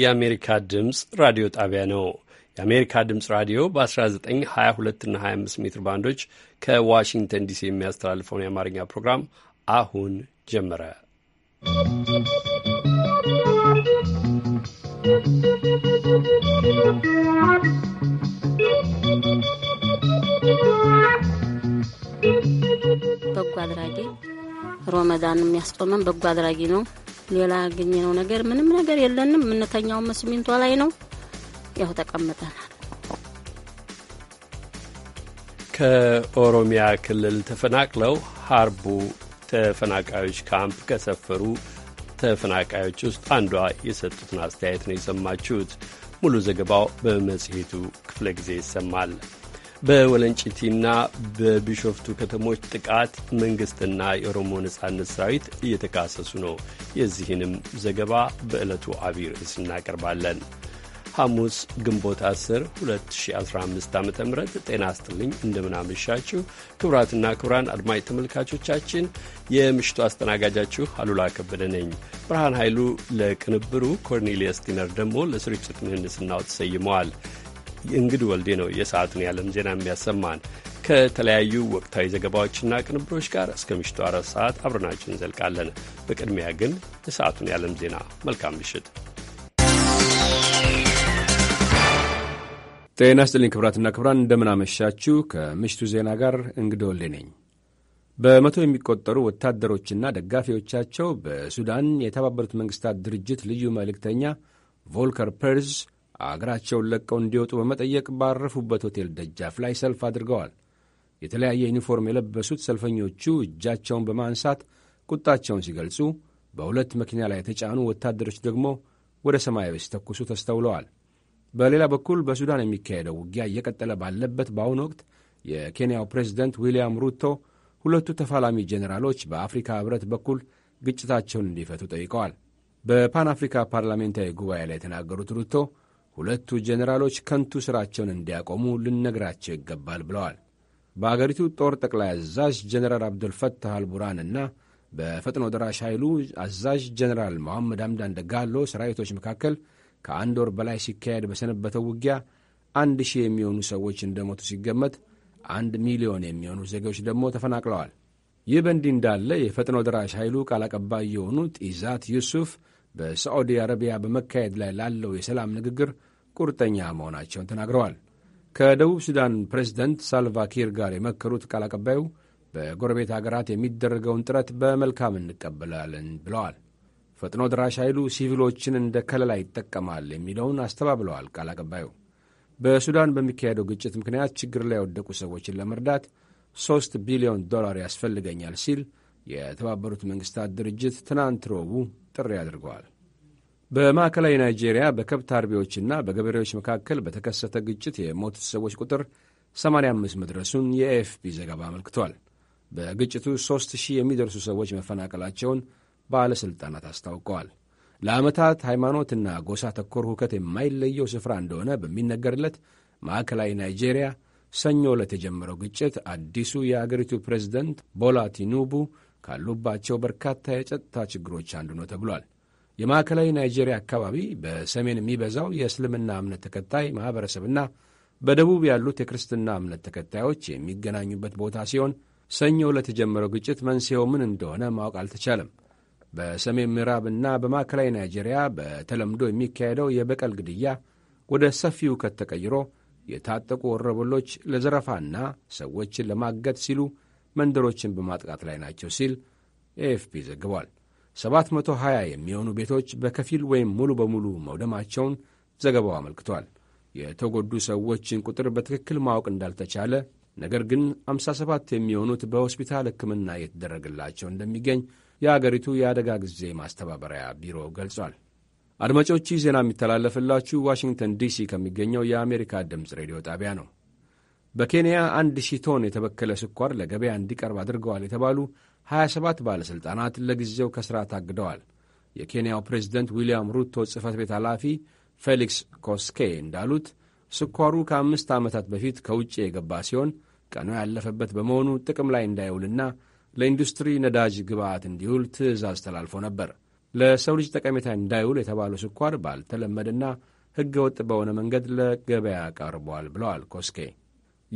የአሜሪካ ድምፅ ራዲዮ ጣቢያ ነው። የአሜሪካ ድምፅ ራዲዮ በ1922 እና 25 ሜትር ባንዶች ከዋሽንግተን ዲሲ የሚያስተላልፈውን የአማርኛ ፕሮግራም አሁን ጀመረ። በጎ አድራጊ ሮመዳን የሚያስቆመን በጎ አድራጊ ነው። ሌላ ያገኘነው ነገር ምንም ነገር የለንም። የምንተኛውም መስሚንቶ ላይ ነው። ያው ተቀምጠናል። ከኦሮሚያ ክልል ተፈናቅለው ሀርቡ ተፈናቃዮች ካምፕ ከሰፈሩ ተፈናቃዮች ውስጥ አንዷ የሰጡትን አስተያየት ነው የሰማችሁት። ሙሉ ዘገባው በመጽሔቱ ክፍለ ጊዜ ይሰማል። በወለንጭቲና በቢሾፍቱ ከተሞች ጥቃት መንግስትና የኦሮሞ ነጻነት ሰራዊት እየተካሰሱ ነው። የዚህንም ዘገባ በዕለቱ አቢይ ርዕስ እናቀርባለን። ሐሙስ ግንቦት 10 2015 ዓ ም ጤና ይስጥልኝ። እንደምናመሻችሁ ክቡራትና ክቡራን አድማጭ ተመልካቾቻችን የምሽቱ አስተናጋጃችሁ አሉላ ከበደ ነኝ። ብርሃን ኃይሉ ለቅንብሩ፣ ኮርኔሊየስ ቲነር ደግሞ ለስርጭት ምህንድስናው ተሰይመዋል። እንግድ ወልዴ ነው የሰዓቱን የዓለም ዜና የሚያሰማን። ከተለያዩ ወቅታዊ ዘገባዎችና ቅንብሮች ጋር እስከ ምሽቱ አራት ሰዓት አብረናችሁ እንዘልቃለን። በቅድሚያ ግን የሰዓቱን የዓለም ዜና። መልካም ምሽት። ጤና ስጥልኝ ክብራትና ክብራን፣ እንደምናመሻችሁ። ከምሽቱ ዜና ጋር እንግድ ወልዴ ነኝ። በመቶ የሚቆጠሩ ወታደሮችና ደጋፊዎቻቸው በሱዳን የተባበሩት መንግስታት ድርጅት ልዩ መልእክተኛ ቮልከር ፐርዝ አገራቸውን ለቀው እንዲወጡ በመጠየቅ ባረፉበት ሆቴል ደጃፍ ላይ ሰልፍ አድርገዋል። የተለያየ ዩኒፎርም የለበሱት ሰልፈኞቹ እጃቸውን በማንሳት ቁጣቸውን ሲገልጹ፣ በሁለት መኪና ላይ የተጫኑ ወታደሮች ደግሞ ወደ ሰማያዊ ሲተኩሱ ተስተውለዋል። በሌላ በኩል በሱዳን የሚካሄደው ውጊያ እየቀጠለ ባለበት በአሁኑ ወቅት የኬንያው ፕሬዚደንት ዊልያም ሩቶ ሁለቱ ተፋላሚ ጄኔራሎች በአፍሪካ ኅብረት በኩል ግጭታቸውን እንዲፈቱ ጠይቀዋል። በፓን አፍሪካ ፓርላሜንታዊ ጉባኤ ላይ የተናገሩት ሩቶ ሁለቱ ጄኔራሎች ከንቱ ሥራቸውን እንዲያቆሙ ልነግራቸው ይገባል ብለዋል። በአገሪቱ ጦር ጠቅላይ አዛዥ ጀነራል አብዱልፈታህ አልቡራን እና በፈጥኖ ደራሽ ኃይሉ አዛዥ ጀነራል መሐመድ አምዳን ደጋሎ ሰራዊቶች መካከል ከአንድ ወር በላይ ሲካሄድ በሰነበተው ውጊያ አንድ ሺህ የሚሆኑ ሰዎች እንደሞቱ ሲገመት አንድ ሚሊዮን የሚሆኑ ዜጎች ደግሞ ተፈናቅለዋል። ይህ በእንዲህ እንዳለ የፈጥኖ ደራሽ ኃይሉ ቃል አቀባይ የሆኑት ኢዛት ዩሱፍ በሳዑዲ አረቢያ በመካሄድ ላይ ላለው የሰላም ንግግር ቁርጠኛ መሆናቸውን ተናግረዋል። ከደቡብ ሱዳን ፕሬዝደንት ሳልቫኪር ጋር የመከሩት ቃል አቀባዩ በጎረቤት አገራት የሚደረገውን ጥረት በመልካም እንቀበላለን ብለዋል። ፈጥኖ ድራሽ ኃይሉ ሲቪሎችን እንደ ከለላ ይጠቀማል የሚለውን አስተባብለዋል። ቃል አቀባዩ በሱዳን በሚካሄደው ግጭት ምክንያት ችግር ላይ የወደቁ ሰዎችን ለመርዳት ሦስት ቢሊዮን ዶላር ያስፈልገኛል ሲል የተባበሩት መንግስታት ድርጅት ትናንት ረቡዕ ጥሪ አድርገዋል። በማዕከላዊ ናይጄሪያ በከብት አርቢዎችና በገበሬዎች መካከል በተከሰተ ግጭት የሞቱት ሰዎች ቁጥር 85 መድረሱን የኤኤፍፒ ዘገባ አመልክቷል። በግጭቱ 3000 የሚደርሱ ሰዎች መፈናቀላቸውን ባለሥልጣናት አስታውቀዋል። ለዓመታት ሃይማኖትና ጎሳ ተኮር ሁከት የማይለየው ስፍራ እንደሆነ በሚነገርለት ማዕከላዊ ናይጄሪያ ሰኞ ዕለት የጀመረው ግጭት አዲሱ የአገሪቱ ፕሬዝደንት ቦላ ቲኑቡ ካሉባቸው በርካታ የጸጥታ ችግሮች አንዱ ነው ተብሏል። የማዕከላዊ ናይጄሪያ አካባቢ በሰሜን የሚበዛው የእስልምና እምነት ተከታይ ማኅበረሰብና በደቡብ ያሉት የክርስትና እምነት ተከታዮች የሚገናኙበት ቦታ ሲሆን ሰኞ ለተጀመረው ግጭት መንስኤው ምን እንደሆነ ማወቅ አልተቻለም። በሰሜን ምዕራብና በማዕከላዊ ናይጄሪያ በተለምዶ የሚካሄደው የበቀል ግድያ ወደ ሰፊ ሁከት ተቀይሮ የታጠቁ ወረበሎች ለዘረፋና ሰዎችን ለማገት ሲሉ መንደሮችን በማጥቃት ላይ ናቸው ሲል ኤኤፍፒ ዘግቧል። 720 የሚሆኑ ቤቶች በከፊል ወይም ሙሉ በሙሉ መውደማቸውን ዘገባው አመልክቷል። የተጎዱ ሰዎችን ቁጥር በትክክል ማወቅ እንዳልተቻለ፣ ነገር ግን 57 የሚሆኑት በሆስፒታል ሕክምና እየተደረገላቸው እንደሚገኝ የአገሪቱ የአደጋ ጊዜ ማስተባበሪያ ቢሮ ገልጿል። አድማጮች ዜና የሚተላለፍላችሁ ዋሽንግተን ዲሲ ከሚገኘው የአሜሪካ ድምፅ ሬዲዮ ጣቢያ ነው። በኬንያ አንድ ሺህ ቶን የተበከለ ስኳር ለገበያ እንዲቀርብ አድርገዋል የተባሉ 27 ባለሥልጣናት ለጊዜው ከሥራ ታግደዋል። የኬንያው ፕሬዝደንት ዊልያም ሩቶ ጽሕፈት ቤት ኃላፊ ፌሊክስ ኮስኬ እንዳሉት ስኳሩ ከአምስት ዓመታት በፊት ከውጭ የገባ ሲሆን ቀኑ ያለፈበት በመሆኑ ጥቅም ላይ እንዳይውልና ለኢንዱስትሪ ነዳጅ ግብዓት እንዲውል ትዕዛዝ ተላልፎ ነበር። ለሰው ልጅ ጠቀሜታ እንዳይውል የተባለው ስኳር ባልተለመደና ሕገ ወጥ በሆነ መንገድ ለገበያ ቀርቧል ብለዋል ኮስኬ።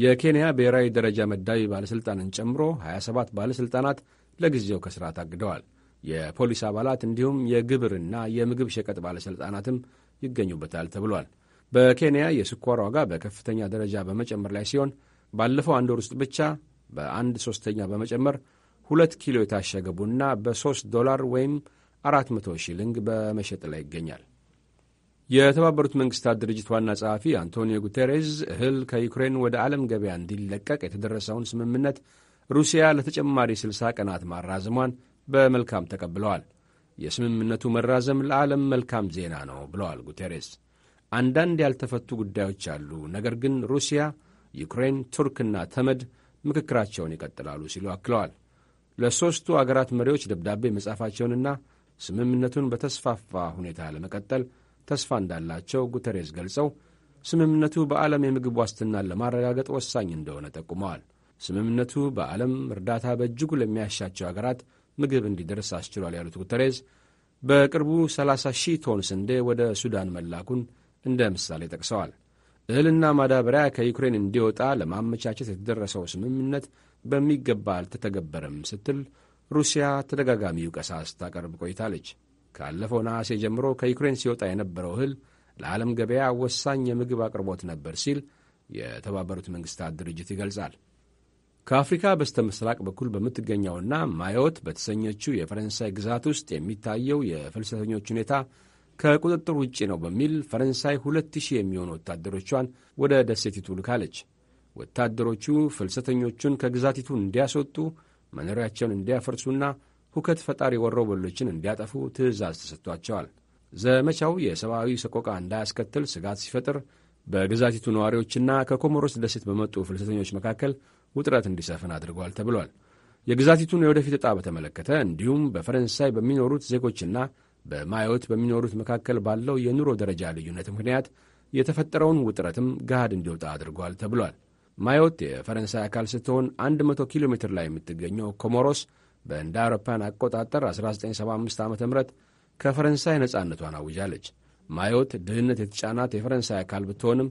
የኬንያ ብሔራዊ ደረጃ መዳቢ ባለሥልጣንን ጨምሮ 27 ባለሥልጣናት ለጊዜው ከሥራ ታግደዋል። የፖሊስ አባላት እንዲሁም የግብርና የምግብ ሸቀጥ ባለሥልጣናትም ይገኙበታል ተብሏል። በኬንያ የስኳር ዋጋ በከፍተኛ ደረጃ በመጨመር ላይ ሲሆን ባለፈው አንድ ወር ውስጥ ብቻ በአንድ ሦስተኛ በመጨመር ሁለት ኪሎ የታሸገ ቡና በሦስት ዶላር ወይም 400 ሺሊንግ በመሸጥ ላይ ይገኛል። የተባበሩት መንግሥታት ድርጅት ዋና ጸሐፊ አንቶኒዮ ጉቴሬዝ እህል ከዩክሬን ወደ ዓለም ገበያ እንዲለቀቅ የተደረሰውን ስምምነት ሩሲያ ለተጨማሪ 60 ቀናት ማራዘሟን በመልካም ተቀብለዋል። የስምምነቱ መራዘም ለዓለም መልካም ዜና ነው ብለዋል ጉቴሬስ። አንዳንድ ያልተፈቱ ጉዳዮች አሉ፣ ነገር ግን ሩሲያ፣ ዩክሬን፣ ቱርክና ተመድ ምክክራቸውን ይቀጥላሉ ሲሉ አክለዋል። ለሦስቱ አገራት መሪዎች ደብዳቤ መጻፋቸውንና ስምምነቱን በተስፋፋ ሁኔታ ለመቀጠል ተስፋ እንዳላቸው ጉተሬስ ገልጸው ስምምነቱ በዓለም የምግብ ዋስትናን ለማረጋገጥ ወሳኝ እንደሆነ ጠቁመዋል። ስምምነቱ በዓለም እርዳታ በእጅጉ ለሚያሻቸው አገራት ምግብ እንዲደርስ አስችሏል ያሉት ጉተሬዝ በቅርቡ 30 ሺህ ቶን ስንዴ ወደ ሱዳን መላኩን እንደ ምሳሌ ጠቅሰዋል። እህልና ማዳበሪያ ከዩክሬን እንዲወጣ ለማመቻቸት የተደረሰው ስምምነት በሚገባ አልተተገበረም ስትል ሩሲያ ተደጋጋሚ ውቀሳ ስታቀርብ ቆይታለች። ካለፈው ነሐሴ ጀምሮ ከዩክሬን ሲወጣ የነበረው እህል ለዓለም ገበያ ወሳኝ የምግብ አቅርቦት ነበር ሲል የተባበሩት መንግሥታት ድርጅት ይገልጻል። ከአፍሪካ በስተ ምስራቅ በኩል በምትገኘውና ማዮት በተሰኘችው የፈረንሳይ ግዛት ውስጥ የሚታየው የፍልሰተኞች ሁኔታ ከቁጥጥር ውጭ ነው በሚል ፈረንሳይ ሁለት ሺህ የሚሆኑ ወታደሮቿን ወደ ደሴቲቱ ልካለች። ወታደሮቹ ፍልሰተኞቹን ከግዛቲቱ እንዲያስወጡ፣ መኖሪያቸውን እንዲያፈርሱና ሁከት ፈጣሪ ወሮበሎችን እንዲያጠፉ ትዕዛዝ ተሰጥቷቸዋል። ዘመቻው የሰብአዊ ሰቆቃ እንዳያስከትል ስጋት ሲፈጥር በግዛቲቱ ነዋሪዎችና ከኮሞሮስ ደሴት በመጡ ፍልሰተኞች መካከል ውጥረት እንዲሰፍን አድርጓል ተብሏል። የግዛቲቱን የወደፊት ዕጣ በተመለከተ እንዲሁም በፈረንሳይ በሚኖሩት ዜጎችና በማዮት በሚኖሩት መካከል ባለው የኑሮ ደረጃ ልዩነት ምክንያት የተፈጠረውን ውጥረትም ገሃድ እንዲወጣ አድርጓል ተብሏል። ማዮት የፈረንሳይ አካል ስትሆን 100 ኪሎ ሜትር ላይ የምትገኘው ኮሞሮስ በእንደ አውሮፓን አቆጣጠር 1975 ዓ ም ከፈረንሳይ ነጻነቷን አውጃለች። ማዮት ድህነት የተጫናት የፈረንሳይ አካል ብትሆንም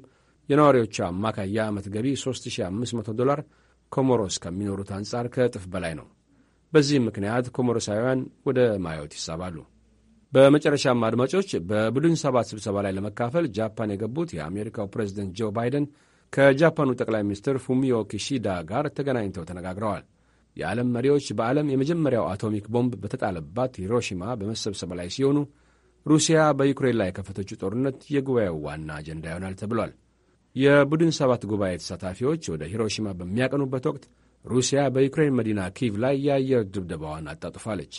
የነዋሪዎቿ አማካይ የዓመት ገቢ 3500 ዶላር ኮሞሮስ ከሚኖሩት አንጻር ከእጥፍ በላይ ነው። በዚህም ምክንያት ኮሞሮሳውያን ወደ ማዮት ይሳባሉ። በመጨረሻም አድማጮች፣ በቡድን ሰባት ስብሰባ ላይ ለመካፈል ጃፓን የገቡት የአሜሪካው ፕሬዝደንት ጆ ባይደን ከጃፓኑ ጠቅላይ ሚኒስትር ፉሚዮ ኪሺዳ ጋር ተገናኝተው ተነጋግረዋል። የዓለም መሪዎች በዓለም የመጀመሪያው አቶሚክ ቦምብ በተጣለባት ሂሮሺማ በመሰብሰብ ላይ ሲሆኑ ሩሲያ በዩክሬን ላይ የከፈተችው ጦርነት የጉባኤው ዋና አጀንዳ ይሆናል ተብሏል። የቡድን ሰባት ጉባኤ ተሳታፊዎች ወደ ሂሮሺማ በሚያቀኑበት ወቅት ሩሲያ በዩክሬን መዲና ኪቭ ላይ የአየር ድብደባዋን አጣጥፋለች።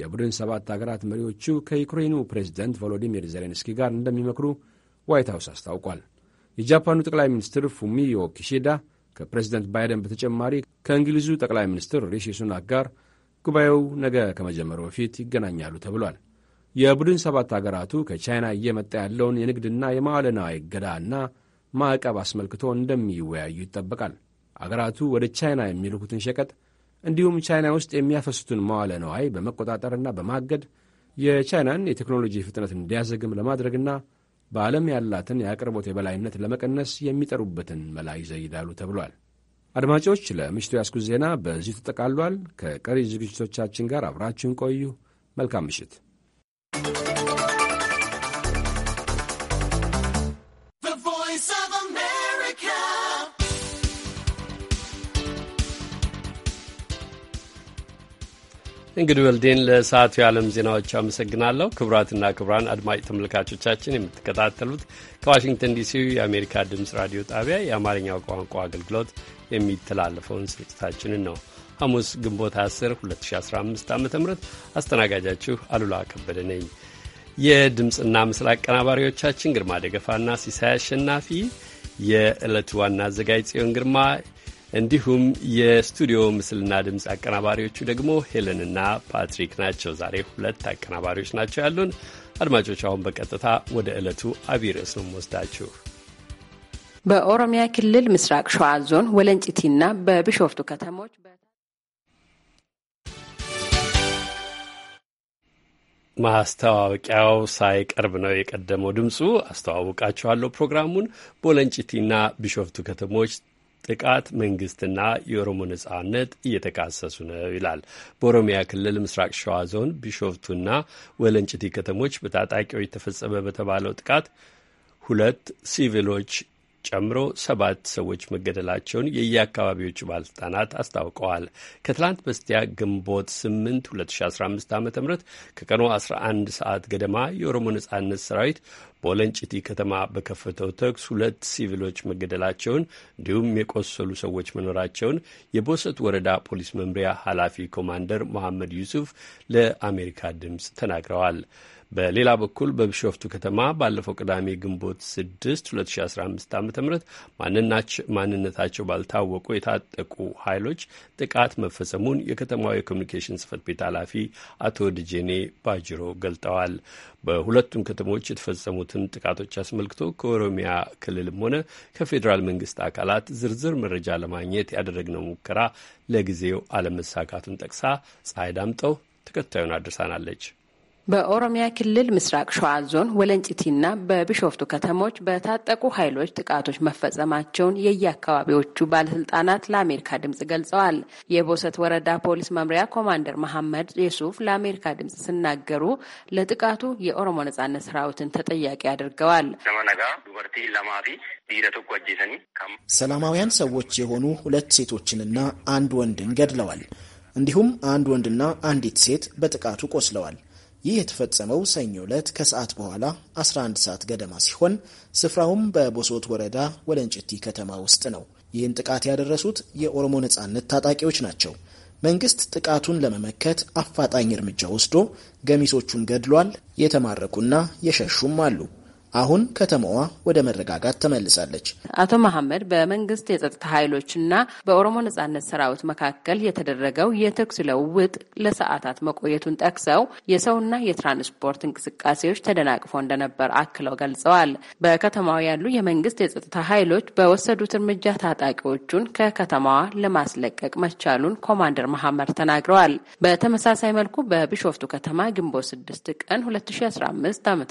የቡድን ሰባት አገራት መሪዎቹ ከዩክሬኑ ፕሬዝደንት ቮሎዲሚር ዜሌንስኪ ጋር እንደሚመክሩ ዋይት ሀውስ አስታውቋል። የጃፓኑ ጠቅላይ ሚኒስትር ፉሚዮ ኪሺዳ ከፕሬዝደንት ባይደን በተጨማሪ ከእንግሊዙ ጠቅላይ ሚኒስትር ሪሺ ሱናክ ጋር ጉባኤው ነገ ከመጀመሩ በፊት ይገናኛሉ ተብሏል። የቡድን ሰባት አገራቱ ከቻይና እየመጣ ያለውን የንግድና የማዋለ ገዳ እና ። ማዕቀብ አስመልክቶ እንደሚወያዩ ይጠበቃል። አገራቱ ወደ ቻይና የሚልኩትን ሸቀጥ እንዲሁም ቻይና ውስጥ የሚያፈሱትን መዋለ ነዋይ በመቆጣጠርና በማገድ የቻይናን የቴክኖሎጂ ፍጥነት እንዲያዘግም ለማድረግና በዓለም ያላትን የአቅርቦት የበላይነት ለመቀነስ የሚጠሩበትን መላ ይዘይዳሉ ተብሏል። አድማጮች፣ ለምሽቱ ያስኩት ዜና በዚሁ ተጠቃሏል። ከቀሪ ዝግጅቶቻችን ጋር አብራችሁን ቆዩ። መልካም ምሽት። እንግዲህ ወልዴን ለሰዓቱ የዓለም ዜናዎች አመሰግናለሁ። ክቡራትና ክቡራን አድማጭ ተመልካቾቻችን የምትከታተሉት ከዋሽንግተን ዲሲ የአሜሪካ ድምፅ ራዲዮ ጣቢያ የአማርኛው ቋንቋ አገልግሎት የሚተላለፈውን ስርጭታችንን ነው። ሐሙስ ግንቦት 10 2015 ዓ ም አስተናጋጃችሁ አሉላ ከበደ ነኝ። የድምፅና ምስል አቀናባሪዎቻችን ግርማ ደገፋና ሲሳይ አሸናፊ፣ የዕለቱ ዋና አዘጋጅ ጽዮን ግርማ እንዲሁም የስቱዲዮ ምስልና ድምፅ አቀናባሪዎቹ ደግሞ ሄለንና ፓትሪክ ናቸው። ዛሬ ሁለት አቀናባሪዎች ናቸው ያሉን። አድማጮች አሁን በቀጥታ ወደ ዕለቱ አብይ ርዕስ ነው ወስዳችሁ በኦሮሚያ ክልል ምስራቅ ሸዋ ዞን ወለንጭቲና በቢሾፍቱ ከተሞች ማስተዋወቂያው ሳይቀርብ ነው የቀደመው ድምፁ። አስተዋውቃችኋለሁ ፕሮግራሙን በወለንጭቲና ቢሾፍቱ ከተሞች ጥቃት መንግስትና የኦሮሞ ነጻነት እየተካሰሱ ነው ይላል። በኦሮሚያ ክልል ምስራቅ ሸዋ ዞን ቢሾፍቱና ወለንጭቲ ከተሞች በታጣቂዎች ተፈጸመ በተባለው ጥቃት ሁለት ሲቪሎች ጨምሮ ሰባት ሰዎች መገደላቸውን የየአካባቢዎቹ ባለስልጣናት አስታውቀዋል። ከትላንት በስቲያ ግንቦት 8 2015 ዓ ም ከቀኑ 11 ሰዓት ገደማ የኦሮሞ ነጻነት ሰራዊት በወለንጭቲ ከተማ በከፈተው ተኩስ ሁለት ሲቪሎች መገደላቸውን እንዲሁም የቆሰሉ ሰዎች መኖራቸውን የቦሰት ወረዳ ፖሊስ መምሪያ ኃላፊ ኮማንደር መሐመድ ዩሱፍ ለአሜሪካ ድምፅ ተናግረዋል። በሌላ በኩል በቢሾፍቱ ከተማ ባለፈው ቅዳሜ ግንቦት 6 2015 ዓ ም ማንነታቸው ባልታወቁ የታጠቁ ኃይሎች ጥቃት መፈጸሙን የከተማው የኮሚኒኬሽን ጽህፈት ቤት ኃላፊ አቶ ድጄኔ ባጅሮ ገልጠዋል። በሁለቱም ከተሞች የተፈጸሙትን ጥቃቶች አስመልክቶ ከኦሮሚያ ክልልም ሆነ ከፌዴራል መንግስት አካላት ዝርዝር መረጃ ለማግኘት ያደረግነው ሙከራ ለጊዜው አለመሳካቱን ጠቅሳ ፀሐይ ዳምጠው ተከታዩን አድርሳናለች። በኦሮሚያ ክልል ምስራቅ ሸዋ ዞን ወለንጭቲና በቢሾፍቱ ከተሞች በታጠቁ ኃይሎች ጥቃቶች መፈጸማቸውን የየአካባቢዎቹ ባለስልጣናት ለአሜሪካ ድምጽ ገልጸዋል። የቦሰት ወረዳ ፖሊስ መምሪያ ኮማንደር መሐመድ የሱፍ ለአሜሪካ ድምጽ ሲናገሩ ለጥቃቱ የኦሮሞ ነጻነት ሰራዊትን ተጠያቂ አድርገዋል። ሰላማውያን ሰዎች የሆኑ ሁለት ሴቶችንና አንድ ወንድን ገድለዋል። እንዲሁም አንድ ወንድና አንዲት ሴት በጥቃቱ ቆስለዋል። ይህ የተፈጸመው ሰኞ ዕለት ከሰዓት በኋላ 11 ሰዓት ገደማ ሲሆን ስፍራውም በቦሶት ወረዳ ወለንጭቲ ከተማ ውስጥ ነው። ይህን ጥቃት ያደረሱት የኦሮሞ ነጻነት ታጣቂዎች ናቸው። መንግስት ጥቃቱን ለመመከት አፋጣኝ እርምጃ ወስዶ ገሚሶቹን ገድሏል። የተማረኩና የሸሹም አሉ። አሁን ከተማዋ ወደ መረጋጋት ተመልሳለች። አቶ መሐመድ በመንግስት የጸጥታ ኃይሎችና በኦሮሞ ነጻነት ሰራዊት መካከል የተደረገው የተኩስ ልውውጥ ለሰዓታት መቆየቱን ጠቅሰው የሰውና የትራንስፖርት እንቅስቃሴዎች ተደናቅፎ እንደነበር አክለው ገልጸዋል። በከተማዋ ያሉ የመንግስት የጸጥታ ኃይሎች በወሰዱት እርምጃ ታጣቂዎቹን ከከተማዋ ለማስለቀቅ መቻሉን ኮማንደር መሐመድ ተናግረዋል። በተመሳሳይ መልኩ በቢሾፍቱ ከተማ ግንቦት 6 ቀን 2015 ዓ ም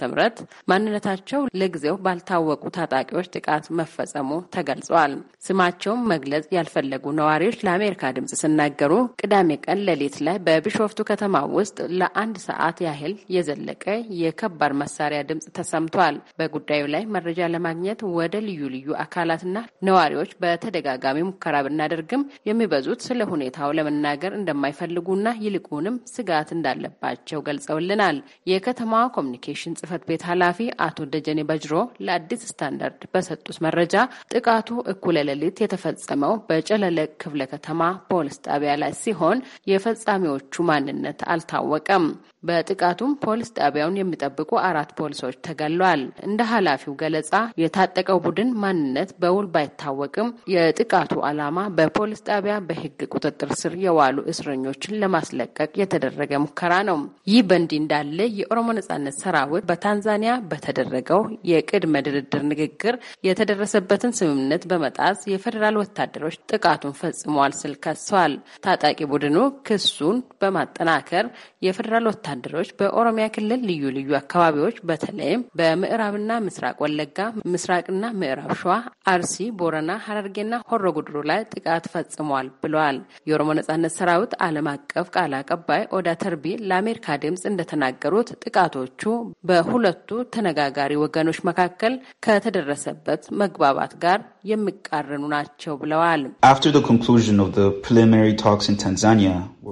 ማንነታቸው በመሆናቸው ለጊዜው ባልታወቁ ታጣቂዎች ጥቃት መፈጸሙ ተገልጿል። ስማቸውን መግለጽ ያልፈለጉ ነዋሪዎች ለአሜሪካ ድምጽ ሲናገሩ ቅዳሜ ቀን ሌሊት ላይ በቢሾፍቱ ከተማ ውስጥ ለአንድ ሰዓት ያህል የዘለቀ የከባድ መሳሪያ ድምጽ ተሰምቷል። በጉዳዩ ላይ መረጃ ለማግኘት ወደ ልዩ ልዩ አካላትና ነዋሪዎች በተደጋጋሚ ሙከራ ብናደርግም የሚበዙት ስለ ሁኔታው ለመናገር እንደማይፈልጉና ይልቁንም ስጋት እንዳለባቸው ገልጸውልናል። የከተማዋ ኮሚኒኬሽን ጽህፈት ቤት ኃላፊ አቶ ደጀኔ በጅሮ ለአዲስ ስታንዳርድ በሰጡት መረጃ ጥቃቱ እኩለ ሌሊት የተፈጸመው በጨለለ ክፍለ ከተማ ፖሊስ ጣቢያ ላይ ሲሆን የፈጻሚዎቹ ማንነት አልታወቀም። በጥቃቱም ፖሊስ ጣቢያውን የሚጠብቁ አራት ፖሊሶች ተገሏል። እንደ ኃላፊው ገለጻ የታጠቀው ቡድን ማንነት በውል ባይታወቅም የጥቃቱ ዓላማ በፖሊስ ጣቢያ በሕግ ቁጥጥር ስር የዋሉ እስረኞችን ለማስለቀቅ የተደረገ ሙከራ ነው። ይህ በእንዲህ እንዳለ የኦሮሞ ነጻነት ሰራዊት በታንዛኒያ በተደረገ የተደረገው የቅድመ ድርድር ንግግር የተደረሰበትን ስምምነት በመጣስ የፌዴራል ወታደሮች ጥቃቱን ፈጽመዋል ስል ከሰዋል። ታጣቂ ቡድኑ ክሱን በማጠናከር የፌዴራል ወታደሮች በኦሮሚያ ክልል ልዩ ልዩ አካባቢዎች በተለይም በምዕራብና ምስራቅ ወለጋ፣ ምስራቅና ምዕራብ ሸዋ፣ አርሲ፣ ቦረና፣ ሀረርጌና ሆሮ ጉድሩ ላይ ጥቃት ፈጽመዋል ብለዋል። የኦሮሞ ነጻነት ሰራዊት ዓለም አቀፍ ቃል አቀባይ ኦዳ ተርቢ ለአሜሪካ ድምፅ እንደተናገሩት ጥቃቶቹ በሁለቱ ተነጋጋሪ ወገኖች መካከል ከተደረሰበት መግባባት ጋር የሚቃረኑ ናቸው ብለዋል።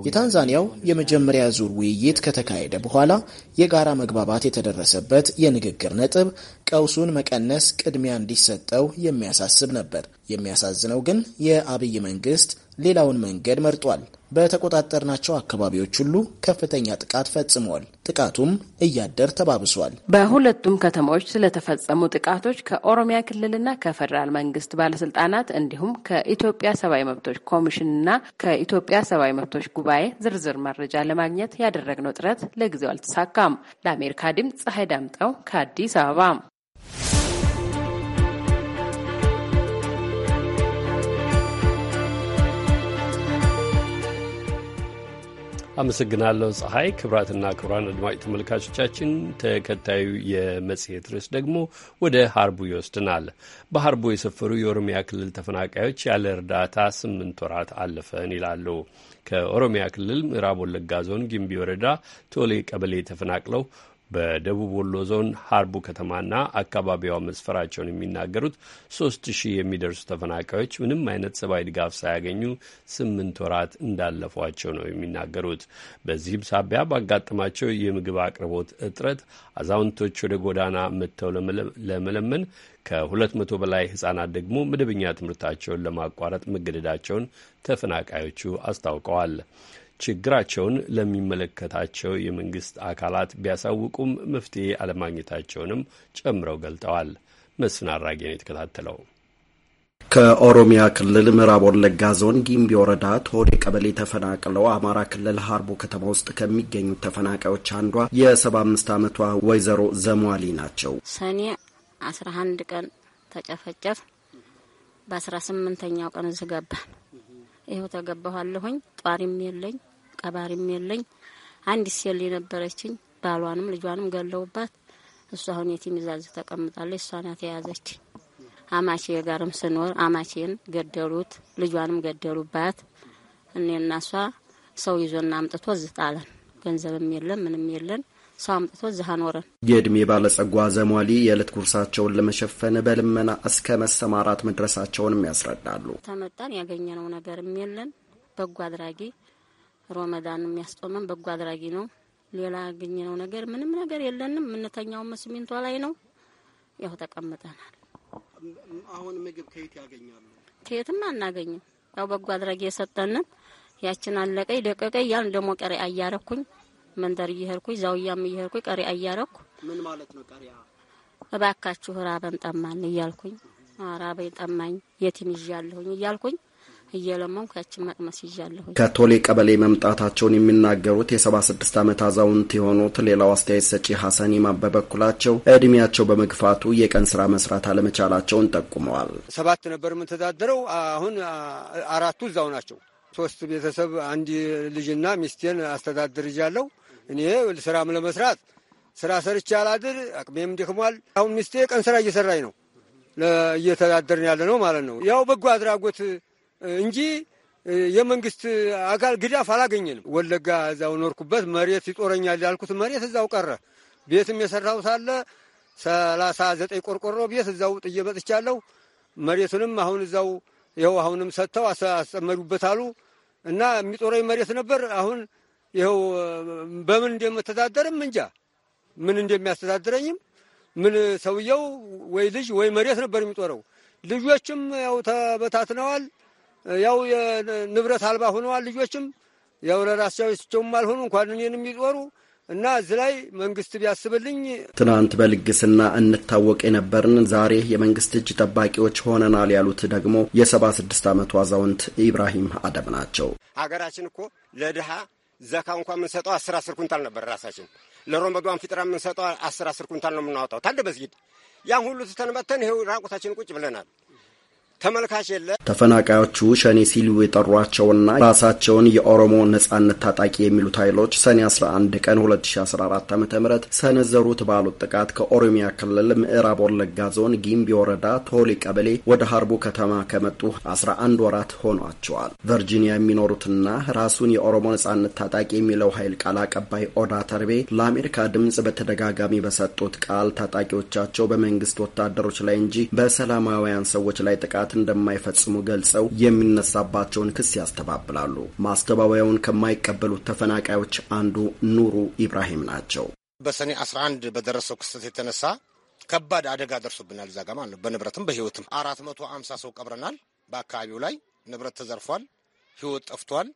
የታንዛኒያው የመጀመሪያ ዙር ውይይት ከተካሄደ በኋላ የጋራ መግባባት የተደረሰበት የንግግር ነጥብ ቀውሱን መቀነስ ቅድሚያ እንዲሰጠው የሚያሳስብ ነበር። የሚያሳዝነው ግን የአብይ መንግስት ሌላውን መንገድ መርጧል። በተቆጣጠርናቸው አካባቢዎች ሁሉ ከፍተኛ ጥቃት ፈጽመዋል። ጥቃቱም እያደር ተባብሷል። በሁለቱም ከተሞች ስለተፈጸሙ ጥቃቶች ከኦሮሚያ ክልልና ከፌዴራል መንግስት ባለስልጣናት እንዲሁም ከኢትዮጵያ ሰብአዊ መብቶች ኮሚሽንና ከኢትዮጵያ ሰብአዊ መብቶች ጉባኤ ዝርዝር መረጃ ለማግኘት ያደረግነው ጥረት ለጊዜው አልተሳካም። ለአሜሪካ ድምፅ ፀሐይ ዳምጠው ከአዲስ አበባ አመሰግናለሁ ፀሐይ። ክብራትና ክብራን አድማጭ ተመልካቾቻችን ተከታዩ የመጽሔት ርዕስ ደግሞ ወደ ሀርቡ ይወስድናል። በሀርቡ የሰፈሩ የኦሮሚያ ክልል ተፈናቃዮች ያለ እርዳታ ስምንት ወራት አለፈን ይላሉ። ከኦሮሚያ ክልል ምዕራብ ወለጋ ዞን ጊምቢ ወረዳ ቶሌ ቀበሌ ተፈናቅለው በደቡብ ወሎ ዞን ሀርቡ ከተማና አካባቢዋ መስፈራቸውን የሚናገሩት ሶስት ሺህ የሚደርሱ ተፈናቃዮች ምንም አይነት ሰብአዊ ድጋፍ ሳያገኙ ስምንት ወራት እንዳለፏቸው ነው የሚናገሩት። በዚህም ሳቢያ ባጋጠማቸው የምግብ አቅርቦት እጥረት አዛውንቶች ወደ ጎዳና መጥተው ለመለመን ከሁለት መቶ በላይ ህጻናት ደግሞ መደበኛ ትምህርታቸውን ለማቋረጥ መገደዳቸውን ተፈናቃዮቹ አስታውቀዋል። ችግራቸውን ለሚመለከታቸው የመንግስት አካላት ቢያሳውቁም መፍትሄ አለማግኘታቸውንም ጨምረው ገልጠዋል። መስፍን አራጌ ነው የተከታተለው። ከኦሮሚያ ክልል ምዕራብ ወለጋ ዞን ጊምቢ ወረዳ ቶዴ ቀበሌ ተፈናቅለው አማራ ክልል ሀርቦ ከተማ ውስጥ ከሚገኙት ተፈናቃዮች አንዷ የሰባ አምስት ዓመቷ ወይዘሮ ዘሟሊ ናቸው። ሰኔ አስራ አንድ ቀን ተጨፈጨፍ በአስራ ስምንተኛው ቀን ዝገባል ይኸው ተገባኋለሁኝ። ጧሪም የለኝ ቀባሪም የለኝ። አንዲት ሴል የነበረችኝ ባሏንም ልጇንም ገለውባት። እሷ አሁን የቲም ይዛዝ ተቀምጣለች። እሷ ናት የያዘች። አማቼ ጋርም ስኖር አማቼን ገደሉት፣ ልጇንም ገደሉባት። እኔና እሷ ሰው ይዞና አምጥቶ ዝጣለን። ገንዘብም የለን ምንም የለን። ሰው አምጥቶ እዚህ አኖረን። የእድሜ ባለጸጓ ዘሟሊ የዕለት ጉርሳቸውን ለመሸፈን በልመና እስከ መሰማራት መድረሳቸውንም ያስረዳሉ። ተመጣን ያገኘነው ነገርም የለን። በጎ አድራጊ ሮመዳን የሚያስጦመን በጎ አድራጊ ነው። ሌላ ያገኘነው ነገር ምንም ነገር የለንም። የምንተኛው ሲሚንቶ ላይ ነው። ያው ተቀምጠናል። አሁን ምግብ ከየት ያገኛሉ? ከየትም አናገኝም። ያው በጎ አድራጊ የሰጠንን ያችን አለቀኝ ደቀቀ እያልን ደሞ ቀሪ አያረኩኝ መንደር እየሄድኩኝ ዛውያም እየሄድኩኝ ቀሪያ እያረኩ ምን ማለት ነው ቀሪያ? እባካችሁ ራበን ጠማን እያልኩኝ ራበኝ ጠማኝ የቲም ይዣለሁኝ እያልኩኝ እየለመንኩ ያችን መቅመስ ይዣለሁ። ከቶሌ ቀበሌ መምጣታቸውን የሚናገሩት የሰባ ስድስት ዓመት አዛውንት የሆኑት ሌላው አስተያየት ሰጪ ሀሰን ይማም በበኩላቸው እድሜያቸው በመግፋቱ የቀን ስራ መስራት አለመቻላቸውን ጠቁመዋል። ሰባት ነበር የምንተዳደረው፣ አሁን አራቱ እዛው ናቸው። ሶስት ቤተሰብ አንድ ልጅና ሚስቴን አስተዳድር ይዣለሁ። እኔ ስራም ለመስራት ስራ ሰርቼ አላድር፣ አቅሜም ደክሟል። አሁን ሚስቴ ቀን ስራ እየሰራኝ ነው፣ እየተዳደርን ያለ ነው ማለት ነው። ያው በጎ አድራጎት እንጂ የመንግስት አካል ግዳፍ አላገኘንም። ወለጋ እዛው ኖርኩበት መሬት ይጦረኛል ያልኩት መሬት እዛው ቀረ። ቤትም የሰራው ሳለ ሰላሳ ዘጠኝ ቆርቆሮ ቤት እዛው ጥዬ መጥቻለሁ። መሬቱንም አሁን እዛው ይኸው አሁንም ሰጥተው አስጠመዱበት አሉ እና የሚጦረኝ መሬት ነበር አሁን ይኸው በምን እንደምተዳደርም እንጃ ምን እንደሚያስተዳድረኝም ምን ሰውየው ወይ ልጅ ወይ መሬት ነበር የሚጦረው። ልጆችም ያው ተበታትነዋል። ያው ንብረት አልባ ሆነዋል። ልጆችም ያው ለራሳቸው ስቸውም አልሆኑ እንኳን እኔን የሚጦሩ እና እዚህ ላይ መንግስት ቢያስብልኝ። ትናንት በልግስና እንታወቅ የነበርን ዛሬ የመንግስት እጅ ጠባቂዎች ሆነናል ያሉት ደግሞ የሰባ ስድስት ዓመቱ አዛውንት ኢብራሂም አደም ናቸው። ሀገራችን እኮ ለድሃ ዘካ እንኳ የምንሰጠው አስር አስር ኩንታል ነበር። ራሳችን ለሮመዷን ፊጥራ የምንሰጠው አስር አስር ኩንታል ነው የምናወጣው። ታደ በዝጊድ ያን ሁሉ ትተንበተን ይሄው ራቁታችን ቁጭ ብለናል። ተመልካች የለ። ተፈናቃዮቹ ሸኔ ሲሉ የጠሯቸውና ራሳቸውን የኦሮሞ ነጻነት ታጣቂ የሚሉት ኃይሎች ሰኔ 11 ቀን 2014 ዓ ም ሰነዘሩት ባሉት ጥቃት ከኦሮሚያ ክልል ምዕራብ ወለጋ ዞን ጊምቢ ወረዳ ቶሊ ቀበሌ ወደ ሀርቡ ከተማ ከመጡ 11 ወራት ሆኗቸዋል። ቨርጂኒያ የሚኖሩትና ራሱን የኦሮሞ ነጻነት ታጣቂ የሚለው ኃይል ቃል አቀባይ ኦዳ ተርቤ ለአሜሪካ ድምፅ በተደጋጋሚ በሰጡት ቃል ታጣቂዎቻቸው በመንግስት ወታደሮች ላይ እንጂ በሰላማውያን ሰዎች ላይ ጥቃት እንደማይፈጽሙ ገልጸው የሚነሳባቸውን ክስ ያስተባብላሉ። ማስተባበያውን ከማይቀበሉት ተፈናቃዮች አንዱ ኑሩ ኢብራሂም ናቸው። በሰኔ 11 በደረሰው ክስተት የተነሳ ከባድ አደጋ ደርሶብናል። እዛ ጋ ማለት ነው። በንብረትም በህይወትም አራት መቶ አምሳ ሰው ቀብረናል። በአካባቢው ላይ ንብረት ተዘርፏል፣ ህይወት ጠፍቷል፣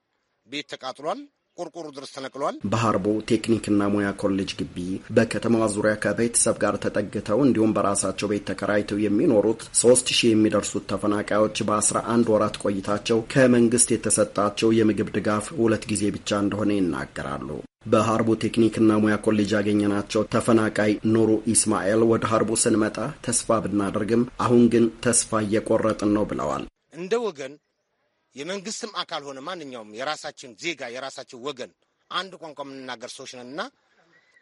ቤት ተቃጥሏል፣ ቆርቆሮ ድረስ ተነቅሏል። በሀርቦ ቴክኒክና ሙያ ኮሌጅ ግቢ በከተማዋ ዙሪያ ከቤተሰብ ጋር ተጠግተው እንዲሁም በራሳቸው ቤት ተከራይተው የሚኖሩት ሶስት ሺህ የሚደርሱት ተፈናቃዮች በአስራ አንድ ወራት ቆይታቸው ከመንግስት የተሰጣቸው የምግብ ድጋፍ ሁለት ጊዜ ብቻ እንደሆነ ይናገራሉ። በሀርቡ ቴክኒክና ሙያ ኮሌጅ ያገኘናቸው ተፈናቃይ ኑሩ ኢስማኤል ወደ ሀርቡ ስንመጣ ተስፋ ብናደርግም አሁን ግን ተስፋ እየቆረጥን ነው ብለዋል። እንደ ወገን የመንግስትም አካል ሆነ ማንኛውም የራሳችን ዜጋ የራሳችን ወገን አንድ ቋንቋ የምንናገር ሰዎች ነን እና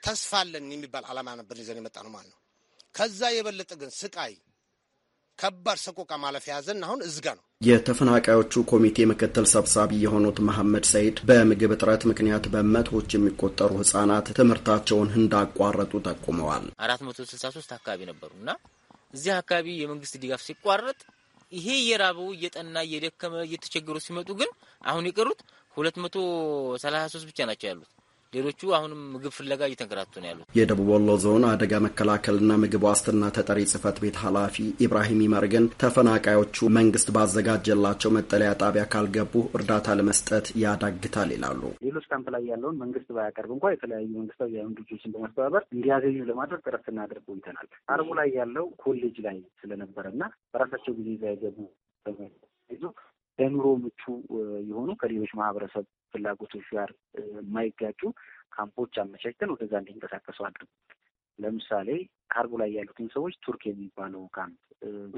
ተስፋ አለን የሚባል አላማ ነበር ይዘን የመጣ ነው ማለት ነው። ከዛ የበለጠ ግን ስቃይ ከባድ ሰቆቃ ማለፍ የያዘን አሁን እዝጋ ነው። የተፈናቃዮቹ ኮሚቴ ምክትል ሰብሳቢ የሆኑት መሐመድ ሰይድ በምግብ እጥረት ምክንያት በመቶዎች የሚቆጠሩ ህጻናት ትምህርታቸውን እንዳቋረጡ ጠቁመዋል። አራት መቶ ስልሳ ሶስት አካባቢ ነበሩ እና እዚህ አካባቢ የመንግስት ድጋፍ ሲቋረጥ ይሄ እየራበው እየጠና እየደከመ እየተቸገሩ ሲመጡ ግን አሁን የቀሩት ሁለት መቶ ሰላሳ ሶስት ብቻ ናቸው ያሉት። ሌሎቹ አሁንም ምግብ ፍለጋ እየተንከራቱ ነው ያሉት። የደቡብ ወሎ ዞን አደጋ መከላከልና ምግብ ዋስትና ተጠሪ ጽህፈት ቤት ኃላፊ ኢብራሂም ይመር ግን ተፈናቃዮቹ መንግስት ባዘጋጀላቸው መጠለያ ጣቢያ ካልገቡ እርዳታ ለመስጠት ያዳግታል ይላሉ። ሌሎች ካምፕ ላይ ያለውን መንግስት ባያቀርብ እንኳ የተለያዩ መንግስታዊ የሆኑ ድርጅቶችን በማስተባበር እንዲያገኙ ለማድረግ ጥረት ስናደርግ ቆይተናል። አርቡ ላይ ያለው ኮሌጅ ላይ ስለነበረ እና በራሳቸው ጊዜ እዛ ለኑሮ ምቹ የሆኑ ከሌሎች ማህበረሰብ ፍላጎቶች ጋር የማይጋጩ ካምፖች አመቻችተን ወደዛ እንዲንቀሳቀሱ አድርጉ። ለምሳሌ ካርጎ ላይ ያሉትን ሰዎች ቱርክ የሚባለው ካምፕ